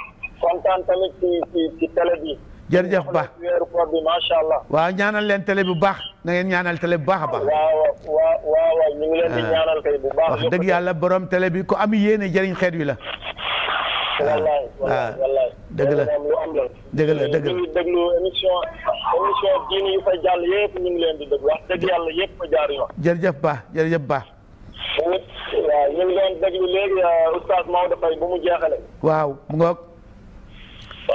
bi jërëjëf Ba weeru koor bi macha allah. waaw ñaanal leen télé bu baax na ngeen ñaanal télé bu baax a baax. waaw waaw waaw ñu ngi leen di ah. ñaanal tey bu baax. wax dëgg yàlla borom télé bi ko am yéene jëriñ xeet wi la. wallaay ah. wallaay ah. dëgg la lu am la. dëgg la dëgg la ñu ngi déglu émission émission diini yu fa jàll yëpp ñu ngi leen di déglu wax dëgg yàlla yëpp fa jaar yoon. jërëjëf Ba jërëjëf Ba. waaw ñu ngi doon déglu léegi euh, oustaz Maodo Faye bu mu jeexale waaw mu ngoog.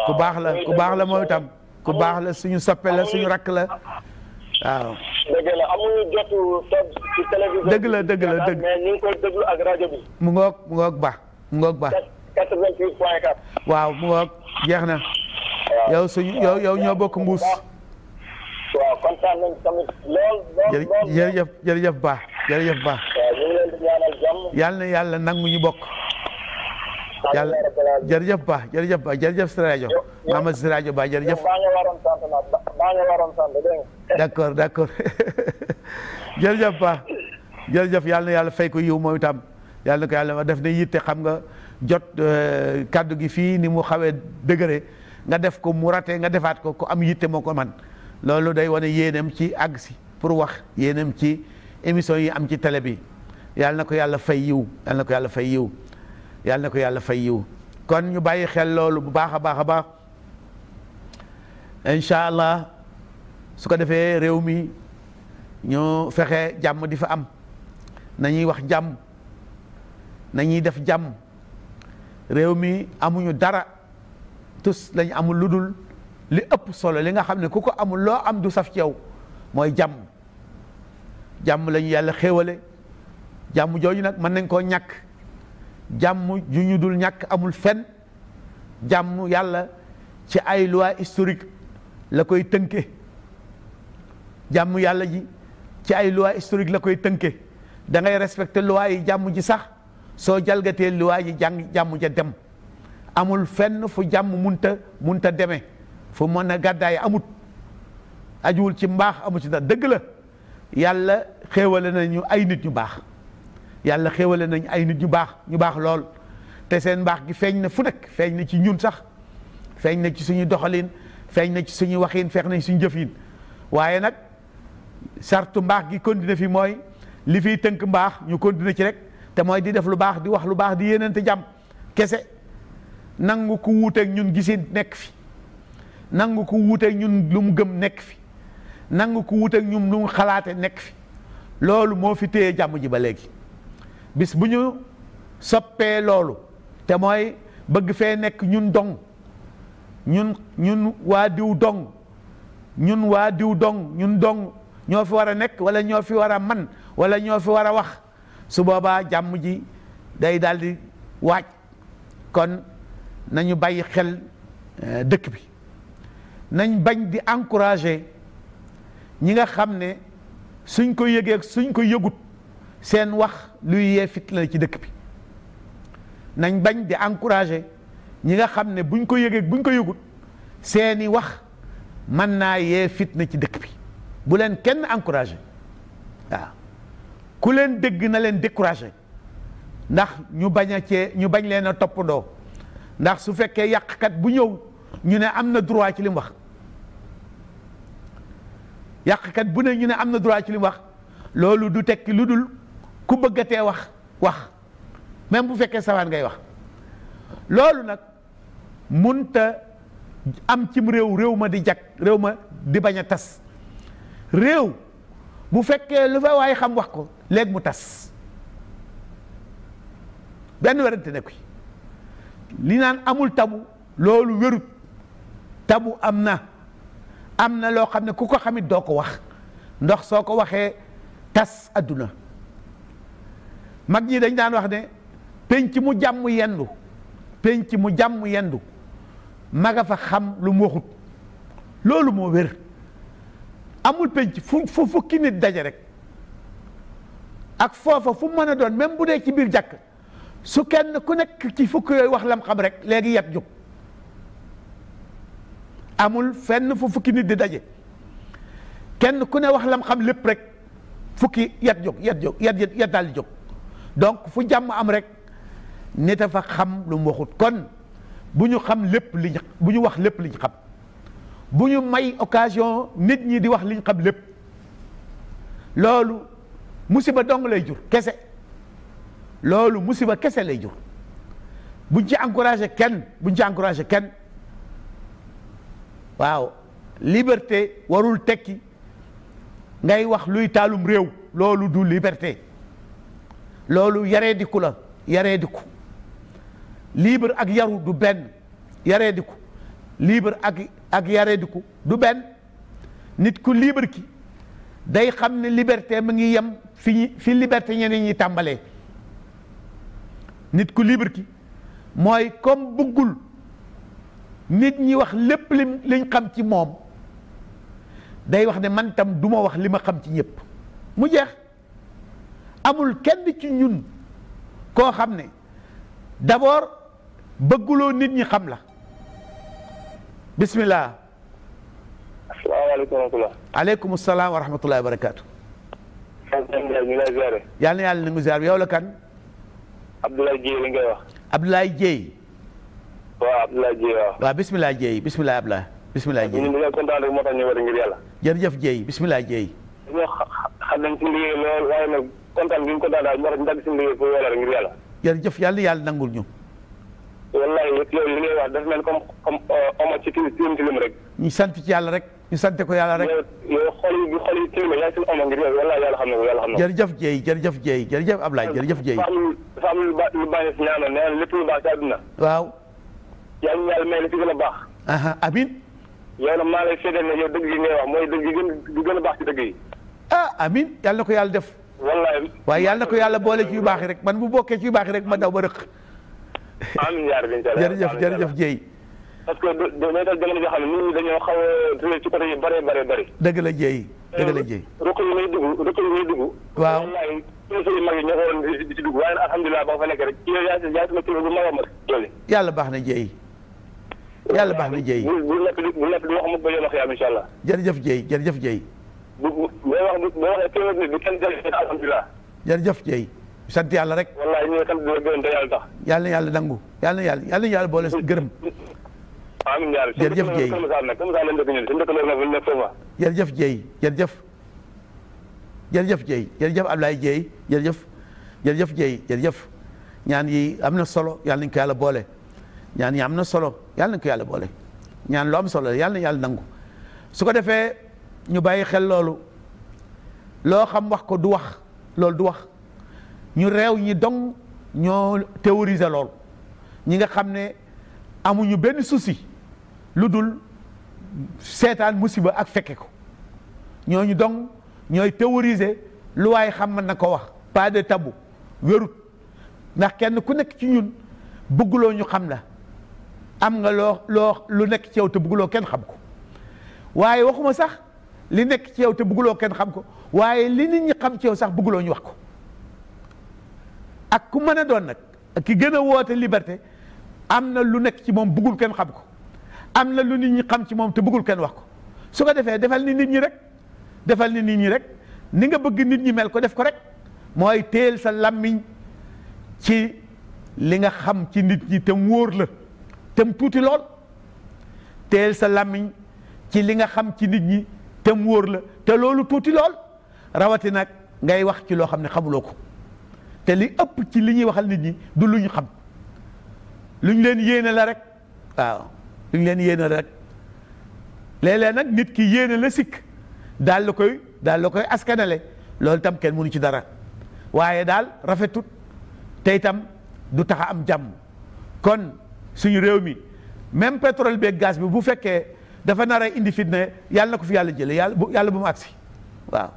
ku baax la ku baax la mooy tam ku baax la suñu soppe la suñu rakk la dëgg la amuñu jotu dëgg la dëgg la dëgg mais ñu mu ngoog mu ngoog ba mu ngoog ba. waaw mu ngoog jeex na. yow suñu yow yow ñoo bokk mbuus. waaw kontaan nañ tamit lool. lool Ba jërëjëf Ba. yal na yàlla nangu ñu bokk. yàlla jërëjëf ba jërëjëf ba jërëjëf si rajo Mamadou si rajo ba jërëjëf. d' accord d' accord jërëjëf ba jërëjëf yàlla na yàlla fay ko yiw moom itam yàlla na ko yàlla def na yitte xam nga jot euh, kàddu gi fii ni mu xawee dëgëre nga def ko mu rate nga defaat ko ku am yitte moo ko man loolu day wane yéenam ci àgg si pour wax yéenam ci émission yi am ci télé bi yàlla na ko yàlla fay yiw yàlla na ko yàlla fay yiw yàlla na ko yàlla fay yiw kon ñu bàyyi xel loolu bu baax a baax a baax incha allah su ko defee réew mi ñu fexe jàmm di fa am nañuy wax jàmm nañuy def jàmm réew mi amuñu dara tus lañ amul lu dul li ëpp solo li nga xam ne ku ko amul loo am du saf ci yow mooy jàmm jàmm lañu yàlla xéewale jàmm jooju nag mën nañ koo ñàkk jàmm ju ñu dul ñàkk amul fenn jàmm yàlla ci ay loi historique la koy tënke jàmm yàlla ji ci ay loi historique la koy tënke dangay ngay respecter jàmm ji sax soo jalgatee loi yi jàng jàmm ja dem amul fenn fu jàmm munta munta deme fu mën a gàddaay amut ajuwul ci mbaax amu ci ndax dëgg la yàlla xéewale nañu ay nit ñu baax yàlla xéwale nañ ay nit ñu baax ñu baax lool te seen mbaax gi feeñ na fu nekk feeñ na ci ñun sax feeñ na ci suñu doxaliin feeñ na ci suñu waxin feex nañ suñu jëfin waaye nag sartu mbaax gi continuer fi mooy li fiy tënk mbaax ñu continuer ci rek te mooy di def lu baax di wax lu baax di yéeneente jàmm kese nangu ku wuuteeg ñun gisin nekk fi nangu ku wuuteeg ñun lu mu gëm nekk fi nangu ku wuuteeg ñun lu mu xalaate nekk fi loolu moo fi téye jàmm ji ba léegi bis bu ñu soppee loolu te mooy bëgg fee nekk ñun dong ñun ñun waa diw dong ñun waa diw dong ñun dong ñoo fi war a nekk wala ñoo fi war a man wala ñoo fi war a wax su boobaa jàmm ji day daal di waaj kon nañu bàyyi xel euh, dëkk bi nañ bañ di encourager ñi nga xam ne suñ ko yëgee suñ ko yëgut seen wax luy yee fitna la ci dëkk bi nañ bañ di encourager ñi nga xam ne buñ ko yëgee buñ ko yëgut seeni wax mën naa yee fitna ci dëkk bi bu leen kenn encourager waaw ku leen dégg na leen décourager ndax ñu bañ a cee ñu bañ leen a toppandoo ndax su fekkee yàqkat bu ñëw ñu ne am na droit ci lim mu wax yàqkat bu ne ñu ne am na droit ci li mu wax loolu du tekki lu dul ku bëggatee wax wax même bu fekkee sawaan ngay wax loolu nag munta am cim réew réew ma di jag réew ma di bañ a tas réew bu fekkee lu fa waay xam wax ko léegi mu tas benn werante ne nekku li naan amul tabu loolu wérut tabu am na am na loo xam ne ku ko xamit doo ko wax ndox soo ko waxee tas adduna mag ñii dañ daan wax ne penc mu jàmm yendu penc mu jàmm yendu maga fa xam lu mu loolu moo wér amul penc fu fu fukki nit daje rek ak foofa fu mën a doon même bu dee ci biir jàkk su kenn ku nekk ci fukki yooyu wax lam xam rek léegi yat jóg amul fenn fu fukki nit di daje kenn ku ne wax lam xam lépp rek fukki yat jóg yat jóg yat yat daal di jóg donc fu jàmm am rek nit a fa xam lu mu waxut kon bu ñu xam lépp li bu ñu wax lépp liñ xam bu ñu may occasion nit ñi di wax liñ xam lépp loolu musiba dong lay jur kese loolu musiba kese lay jur buñ ci encouragé kenn buñ ci encouragé kenn waaw liberté warul tekki ngay wax luy taalum réew loolu du liberté loolu yaree diku la yaree diku libre ak yaru du benn yaree diku libre ak ak yaree diku du benn nit ku libre ki day xam ne liberté mu ngi yem fi fi liberté ñeneen ñi tàmbalee nit ku libre ki mooy comme buggul nit ñi wax lépp li liñ xam ci moom day wax ne man tam du ma wax li ma xam ci ñëpp mu jeex amul kenn ci ñun koo xam ne d'abord bëgguloo nit ñi xam la bismillah. wa rahmatulah. aleykum salaam wa rahmatulah wa barakaatu. yàlla na yàlla nangu ziar la kan. Abdoulaye Dieye li ngay wax. Abdoulaye Dieye. waaw Abdoulaye bismillah Dieye bismillah Abdoulaye. bismillah Dieye ñun dañoo kontaan a ngir yàlla. jërëjëf Dieye bismillah Dieye. ñoo xam nañ ci kontaan bi ñu ko daal daal moo tax ñu dagg suñu liggéey pour wala ngir yàlla jërëjëf yàlla yàlla nangul ñu wallaay yow li ngay wax dafa mel comme comme euh, omo ci tilim tilim rek ñu sant ci yàlla rek ñu sant ko yàlla rek yow xol yi xol yi tilim yaay suñu omo ngir yow wallaay yàlla xam na ko yàlla xam na ko jërëjëf Dieye jërëjëf Dieye jërëjëf Ablaye jërëjëf Dieye dafa am lu baax lu baax si ñaanal nee na lépp lu baax ci àdduna waaw yàlla ñu yàlla may la ci gën a baax amin yow nag maa lay seedal ne yow dëgg yi ngay wax mooy dëgg yi gën di gën a baax ci dëgg yi ah amin yàlla na ko yàlla def waaye yàlla na ko yàlla boole ci yu baax rek man bu bokkee ci yu baax rek ma daw ba rëq. amiin yaa rabbi jërëjëf jërëjëf Dieye. parce que day na jamono joo xam ne nit ñi dañoo xaw a ci côté yu da bëri bëri. dëgg la Dieye dëgg la Dieye. Euh, rëq yi may dugg rëq yi may dugg. waaw wallaay kilifa yu ba nga fa nekk rek yow yaa si yaa si ma kilifa yàlla baax na Dieye. yàlla baax na Dieye bu bu bu wax mu ba yoon wax yaa incha allah. jërëjëf Dieye jërëjëf bu may wax bu may waxee téeméer nit bi kenn jëlee alhamdulilah. jërëjëf Ndiaye yàlla rek. wallaay ñu ngi sant di la gërëm te yàlla tax. yàlla na yàlla nangu yàlla na yàlla yàlla na yàlla boole si gërëm. amiin yaa rabbi jërëjëf Ndiaye jërëjëf Ndiaye jërëjëf jërëjëf Ndiaye jërëjëf Ablaye Ndiaye jërëjëf jërëjëf Ndiaye jërëjëf ñaan yi am na solo yàlla nañu ko yàlla boole ñaan yi am na solo yàlla nañu ko yàlla boole ñaan lu solo yàlla na yàlla nangu su ko ñu bàyyi xel loolu loo xam wax ko du wax loolu du wax ñu réew ñi dong ñoo théoriser loolu ñi nga xam ne amuñu benn souci lu dul seetaan musiba ak fekke ko ñooñu dong ñooy théoriser lu waay xam ma na ko wax pas tabu tabou wérut ndax kenn ku nekk ci ñun bëgguloo ñu xam na am nga loo loo lu nekk ci yow te bëgguloo kenn xam ko waaye waxuma sax li nekk ci yow te bëgguloo kenn xam ko waaye li nit ñi xam ci yow sax bëgguloo ñu wax ko ak ku mën a doon nag ki gën a woote liberte am na lu nekk ci moom bëggul kenn xab ko am na lu nit ñi xam ci moom te bëggul kenn wax ko su ko defee defal ni nit ñi rek defal ni nit ñi rek ni nga bëgg nit ñi mel ko def ko rek mooy téel sa làmmiñ ci li nga xam ci nit ñi te wóor la te tuuti lool téel sa làmmiñ ci li nga xam ci nit ñi te mu wóor la te loolu tuuti lool rawati nag ngay wax ci loo xam ne xamuloo ko te li ëpp ci li ñuy waxal nit ñi du lu xam lu ñu leen yéene la rek waaw lu leen yéene la rek léeg nag nit ki yéene la sikk daal la koy daal la koy askanale loolu tam kenn munu ci dara waaye daal rafetut te itam du tax a am jàmm kon suñu réew mi même pétrole bee gaz bi bu fekkee dafa nar a indi fitna yàlla na ko fi yàlla jëlee yàlla bu yàlla bu mu agsi waaw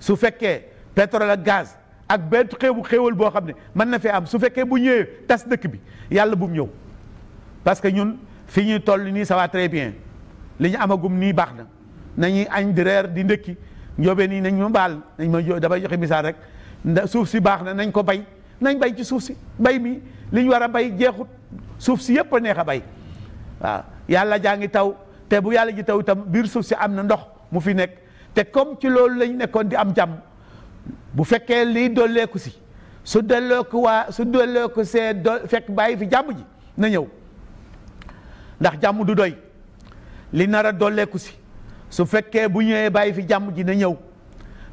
su fekkee pétrole gaz ak benn xeebu xewal boo xam ne mën na fee am su fekkee bu ñëwee tas ndëkk bi yàlla bu mu ñëw parce que ñun fi ñuy toll nii ça va très bien li ñu amagum nii baax na nañuy añ di reer di ndëkki njóobee nii nañ ma baal nañ ma damay joxe misaal rek ndax suuf si baax na nañ ko bay nañ bay ci suuf si bay mi li war a bay jeexut suuf si yépp a neex a bay waaw yàlla jaa ngi taw te bu yàlla ji taw itam biir suuf si am na ndox mu fi nekk te comme ci loolu lañ nekkoon di am jàmm bu fekkee lii dolleeku si su delleeku waa su delleeku see fekk bàyyi fi jàmm ji na ñëw ndax jàmm du doy li nar dolleeku si su fekkee bu ñëwee bàyyi fi jàmm ji na ñëw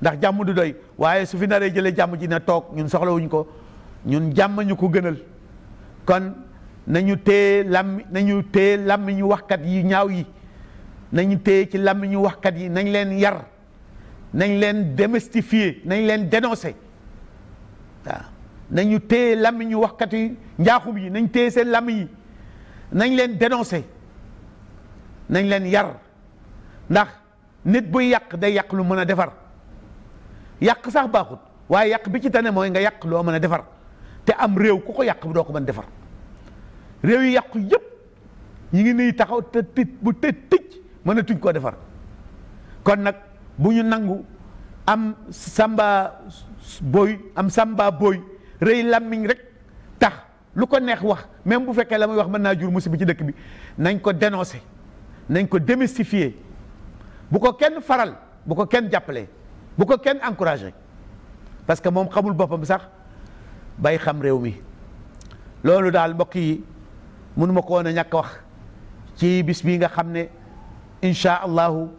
ndax jàmm du doy waaye su fi naree jëlee jàmm ji na toog ñun soxlawuñ ko ñun jàmm ko gënal kon nañu téye lam nañu téye làmmiñu waxkat yi ñaaw yi nañu téye ci làmmiñu waxkat yi nañ leen yar nañ leen démystifier nañ leen dénoncer waaw nañu téye làmmiñu waxkat yi njaaxum yi nañ téye seen làmmiñ nañ leen dénoncer nañ leen yar ndax nit buy yàq day yàq lu mën a defar yàq sax baaxut waaye yàq bi ci tane mooy nga yàq loo mën a defar te am réew ku ko yàq doo ko mën defar réew yi yàqu yëpp ñu ngi nii taxaw te tit bu te tëj mënatuñ koo defar kon nag bu ñu nangu am samba booy am samba booy rëy làmmiñ rek tax lu ko neex wax même bu fekkee la muy wax mën naa jur musiba ci dëkk bi nañ ko dénoncer nañ ko démystifier bu ko kenn faral bu ko kenn jàppale bu ko kenn encouragé parce que moom xamul boppam sax bay xam réew mi loolu daal mbokk yi mënuma ko woon a ñàkk wax ci bis bii nga xam ne incha allahu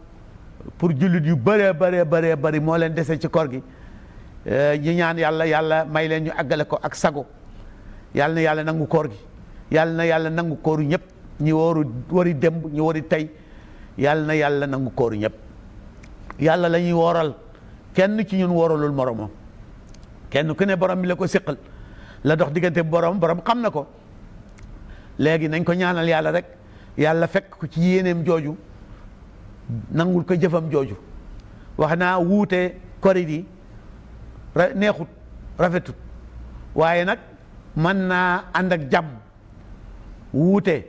pour jullit yu bëree bëree bëree bëri moo leen desee ci kor gi eh, ñi ñaan yàlla yàlla may leen ñu àggale ko ak sago yàlla na yàlla nangu koor gi yàlla na yàlla nangu kooru ñëpp ñi waru wari démb ñi wari tey yàlla na yàlla nangu kooru ñëpp yàlla la ñuy wooral kenn ci ñun wooralul moromam kenn ku ne borom bi la ko siqal la dox diggante borom borom xam na ko léegi nañ ko ñaanal yàlla rek yàlla fekk ko ci yéeneem jooju nangul ko jëfam jooju wax naa wuute korit yi neexut rafetut waaye nag mën naa ànd ak jàmm wuute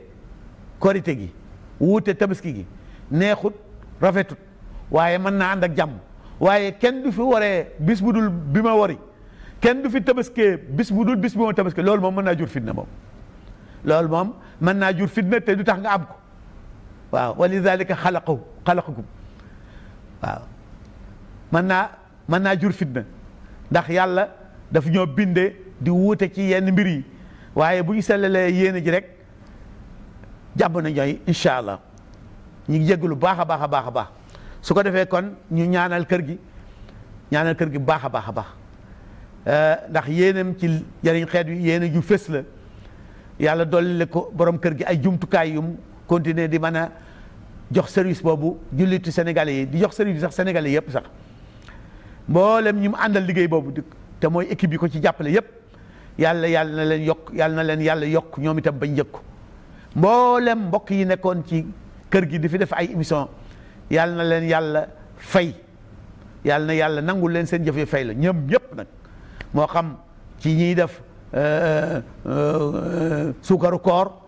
korite gi wuute tabaski gi neexut rafetut waaye mën naa ànd ak jàmm waaye kenn du fi woree bis bu dul bi ma wari kenn du fi tabaskee bis bu dul bis bi ma tabaskee loolu moom mën naa jur fitna moom loolu moom mën naa jur fitna te du tax nga am ko waaw walidalika xalaqahu xalaqakum waaw mën naa mën naa jur fitna ndax yàlla daf ñoo binde di wuute ci yenn mbir yi waaye bu ñu sellalee yéene ji rek jàpp na ñooy incha allah ñu ngi jégalu baax a baax a baax a baax su ko defee kon ñu ñaanal kër gi ñaanal kër gi baax a baax a baax eh, ndax yéenam ci jëriñ xeet wi yéene ju fës la yàlla dolli ko borom kër gi ay jumtukaay yum continuer di mën a jox service boobu jullit Sénégalais yi di jox service sax Sénégalais yëpp sax mboolem ñi mu àndal liggéey boobu te mooy équipe yi ko ci jàppale yëpp yàlla yàlla na leen yokk yàlla na leen yàlla yokk ñoom itam bañ yëg mboolem mbokk yi nekkoon ci kër gi di fi def ay émission yàlla na leen yàlla fay yàlla na yàlla nangul leen seen jëf yi fay la ñoom ñëpp nag moo xam ci ñiy def euh, euh, euh, suukaru koor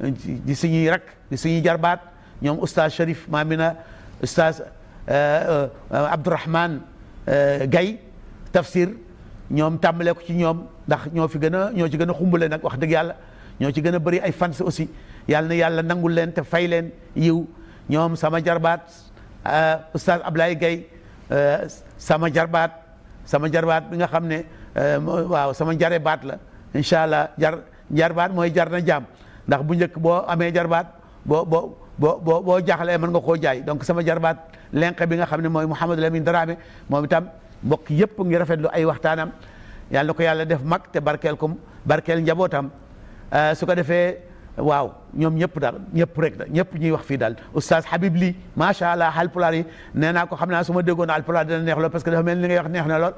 di suñuy rak di suñuy jarbaat ñoom oustaz Cherif Mamina oustaz euh, euh, Abdourahman euh, Gaye tafsir ñoom tàmbalee ko ci ñoom ndax ñoo fi gën a ñoo ci gën a xumbale nag wax dëgg yàlla ñoo ci gën a bëri ay fans aussi yàlla na yàlla nangul leen te fay leen yiw ñoom sama jarbaat oustaz Ablaye Gaye sama jarbaat sama jarbaat bi nga xam ne waaw sama njare baat la incha allah jar jarbaat mooy jarna na jaam ndax bu njëkk boo amee jarbaat boo bo boo boo boo jaaxlee mën nga koo jaay donc sama jarbaat lenq bi nga xam ne mooy Mouhamadou Lamine Dramé moom itam mbokk yëpp ngi lu ay waxtaanam yàlla na ko yàlla def mag te barkeel ko barkeel njabootam euh, su ko defee waaw ñoom ñëpp daal ñëpp rek da ñëpp ñuy wax fii daal oustaz Habib Ly macha allah alpulaar yi nee ko xam na su ma déggoon alpulaar dina neex lool parce que dafa mel ni li ngay wax neex na lool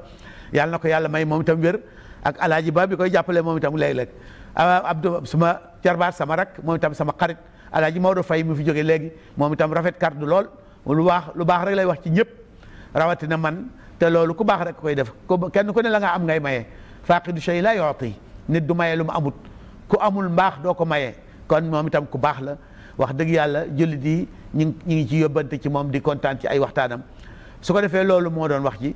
yàlla ko yàlla may moom itam wér ak alaaji baa bi koy jàppale moom itam léeg-léeg Ah, Abdou suma jarbaat sama rak moom itam sama xarit Alaaji Maodo Faye mu fi jóge léegi moom itam rafet kàddu lool lu baax lu baax rek lay wax ci ñëpp rawatina man te loolu ku baax rek koy def ko kenn ku ne la nga am ngay maye faaqidu shay la yooti nit du maye lu ma amut ku amul mbaax doo ko maye kon moom itam ku baax la wax dëgg yàlla jullit yi ñu ngi ñu ngi ci yóbbante ci moom di kontaan ci ay waxtaanam su ko defee loolu moo doon wax ji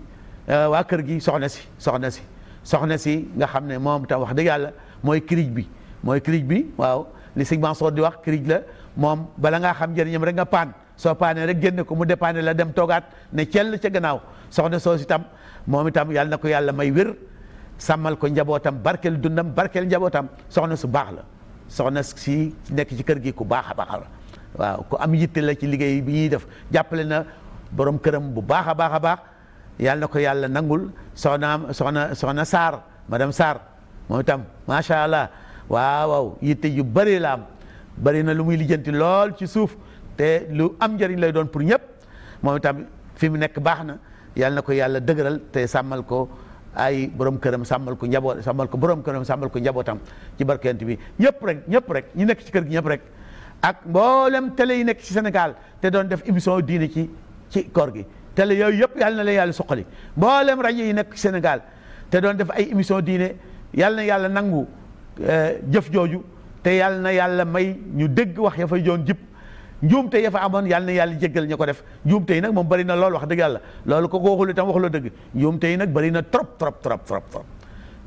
eh, waa kër gi soxna si soxna si soxna si nga xam ne moom itam wax dëgg yàlla. mooy kirij bi mooy kirij bi waaw li sëñ Mansour di wax kirij la moom bala ngaa xam njëriñam rek nga paan soo paanee rek génne ko mu dépanne la dem toogaat ne cell ce gannaaw soxna soos itam moom itam yàlla na ko yàlla may wér sàmmal ko njabootam barkeel dundam barkeel njabootam soxna su baax la soxna si nekk ci kër gi ku baax a baax waaw ku am yitte la ci liggéey bi ñuy def jàppale na borom këram bu baax a baax a baax yàlla na ko yàlla nangul soxnaam soxna soxna Sarr madame Sarr moom itam macha allah waaw waaw yitte yu bëri la am na lu muy lijjanti lool ci suuf te lu am njëriñ lay doon pour ñëpp moom itam fi mu nekk baax na yàlla na ko yàlla dëgëral te sàmmal ko ay borom këram sàmmal ko njaboot sàmmal ko borom këram sàmmal ko njabootam ci barkeent bi ñëpp rek ñëpp rek ñu nekk ci kër gi ñëpp rek ak mboolem télé yi nekk ci Sénégal te doon def émission diine ci ci koor gi télé yooyu yëpp yàlla na la yàlla suqali rajo yi nekk Sénégal te doon yàlla na yàlla nangu eh, jëf jooju te yàlla na yàlla may ñu dégg wax ya fay joon jib njuumte te fa amoon yàlla na yàlla jéggal ña ko def njuumte yi nag moom bëri na lool dëgg yàlla loolu ko ko waxul itam waxuloo dëgg njuumte yi nag bëri na trop trop trop trop trop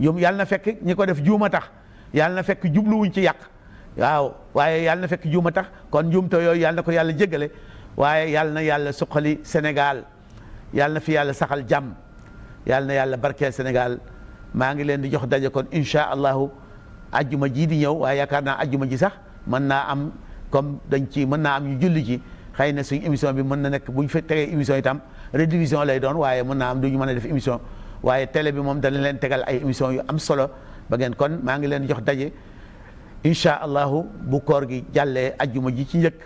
yàlla na fekk ñi ko def juuma tax yàlla na fekk jubluwuñ ci yàq waaw waaye yàlla na fekk juuma tax kon njuumte yooyu yàlla na ko yàlla jéggale waaye yàlla na yàlla suqali Sénégal yàlla na fi yàlla saxal jàmm yàlla na yàlla barkeel Sénégal maa ngi leen di jox daje kon incha allahu ajjuma ji di ñëw waaye yaakaar naa ajjuma ji sax mën naa am comme dañ ci mën naa am ñu julli ji xëy na suñ émission bi mën na nekk bu ñu fa tegee émission itam rediffusion lay doon waaye mën na am du ñu mën a def émission waaye télé bi moom dana leen tegal ay émission yu am solo ba ngeen kon maa ngi leen jox daje incha allahu bu koor gi jàllee ajuma ji ci njëkk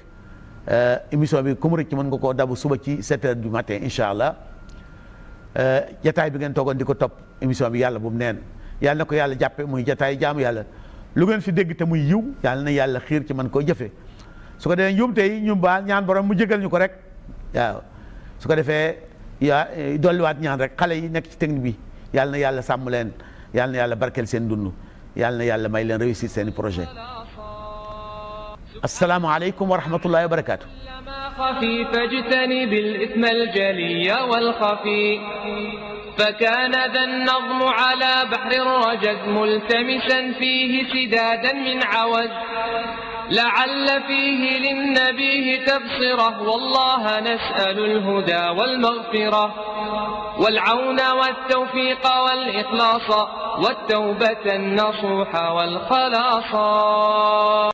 euh, émission bi ku mu mën nga koo dabu suba ci 7 heures du incha allah Eh, jataay bi ngeen di ko topp émission bi yàlla bu mu neen yàlla na ko yàlla jàppe muy jataay jaam yàlla lu ngeen fi dégg te muy yiw yàlla na yàlla xiir ci man koo jëfe su ko defee ñoom tey ñu baal ñaan borom mu jégal ñu ko rek waaw su ko defee yaa eh, dolliwaat ñaan rek kale yi nekk ci technique bi yàlla na yàlla sàmm leen yàlla na yàlla barkeel seen dund yàlla na yàlla may leen réussir seen projet asalaamualeykum wa rahmatullahi wa barakaatu. فكان ذا النظم على بحر الرجز ملتمسا فيه سدادا من عوز لعل فيه للنبي تبصره والله نسأل الهدى والمغفرة والعون والتوفيق والإخلاص والتوبة النصوح والخلاص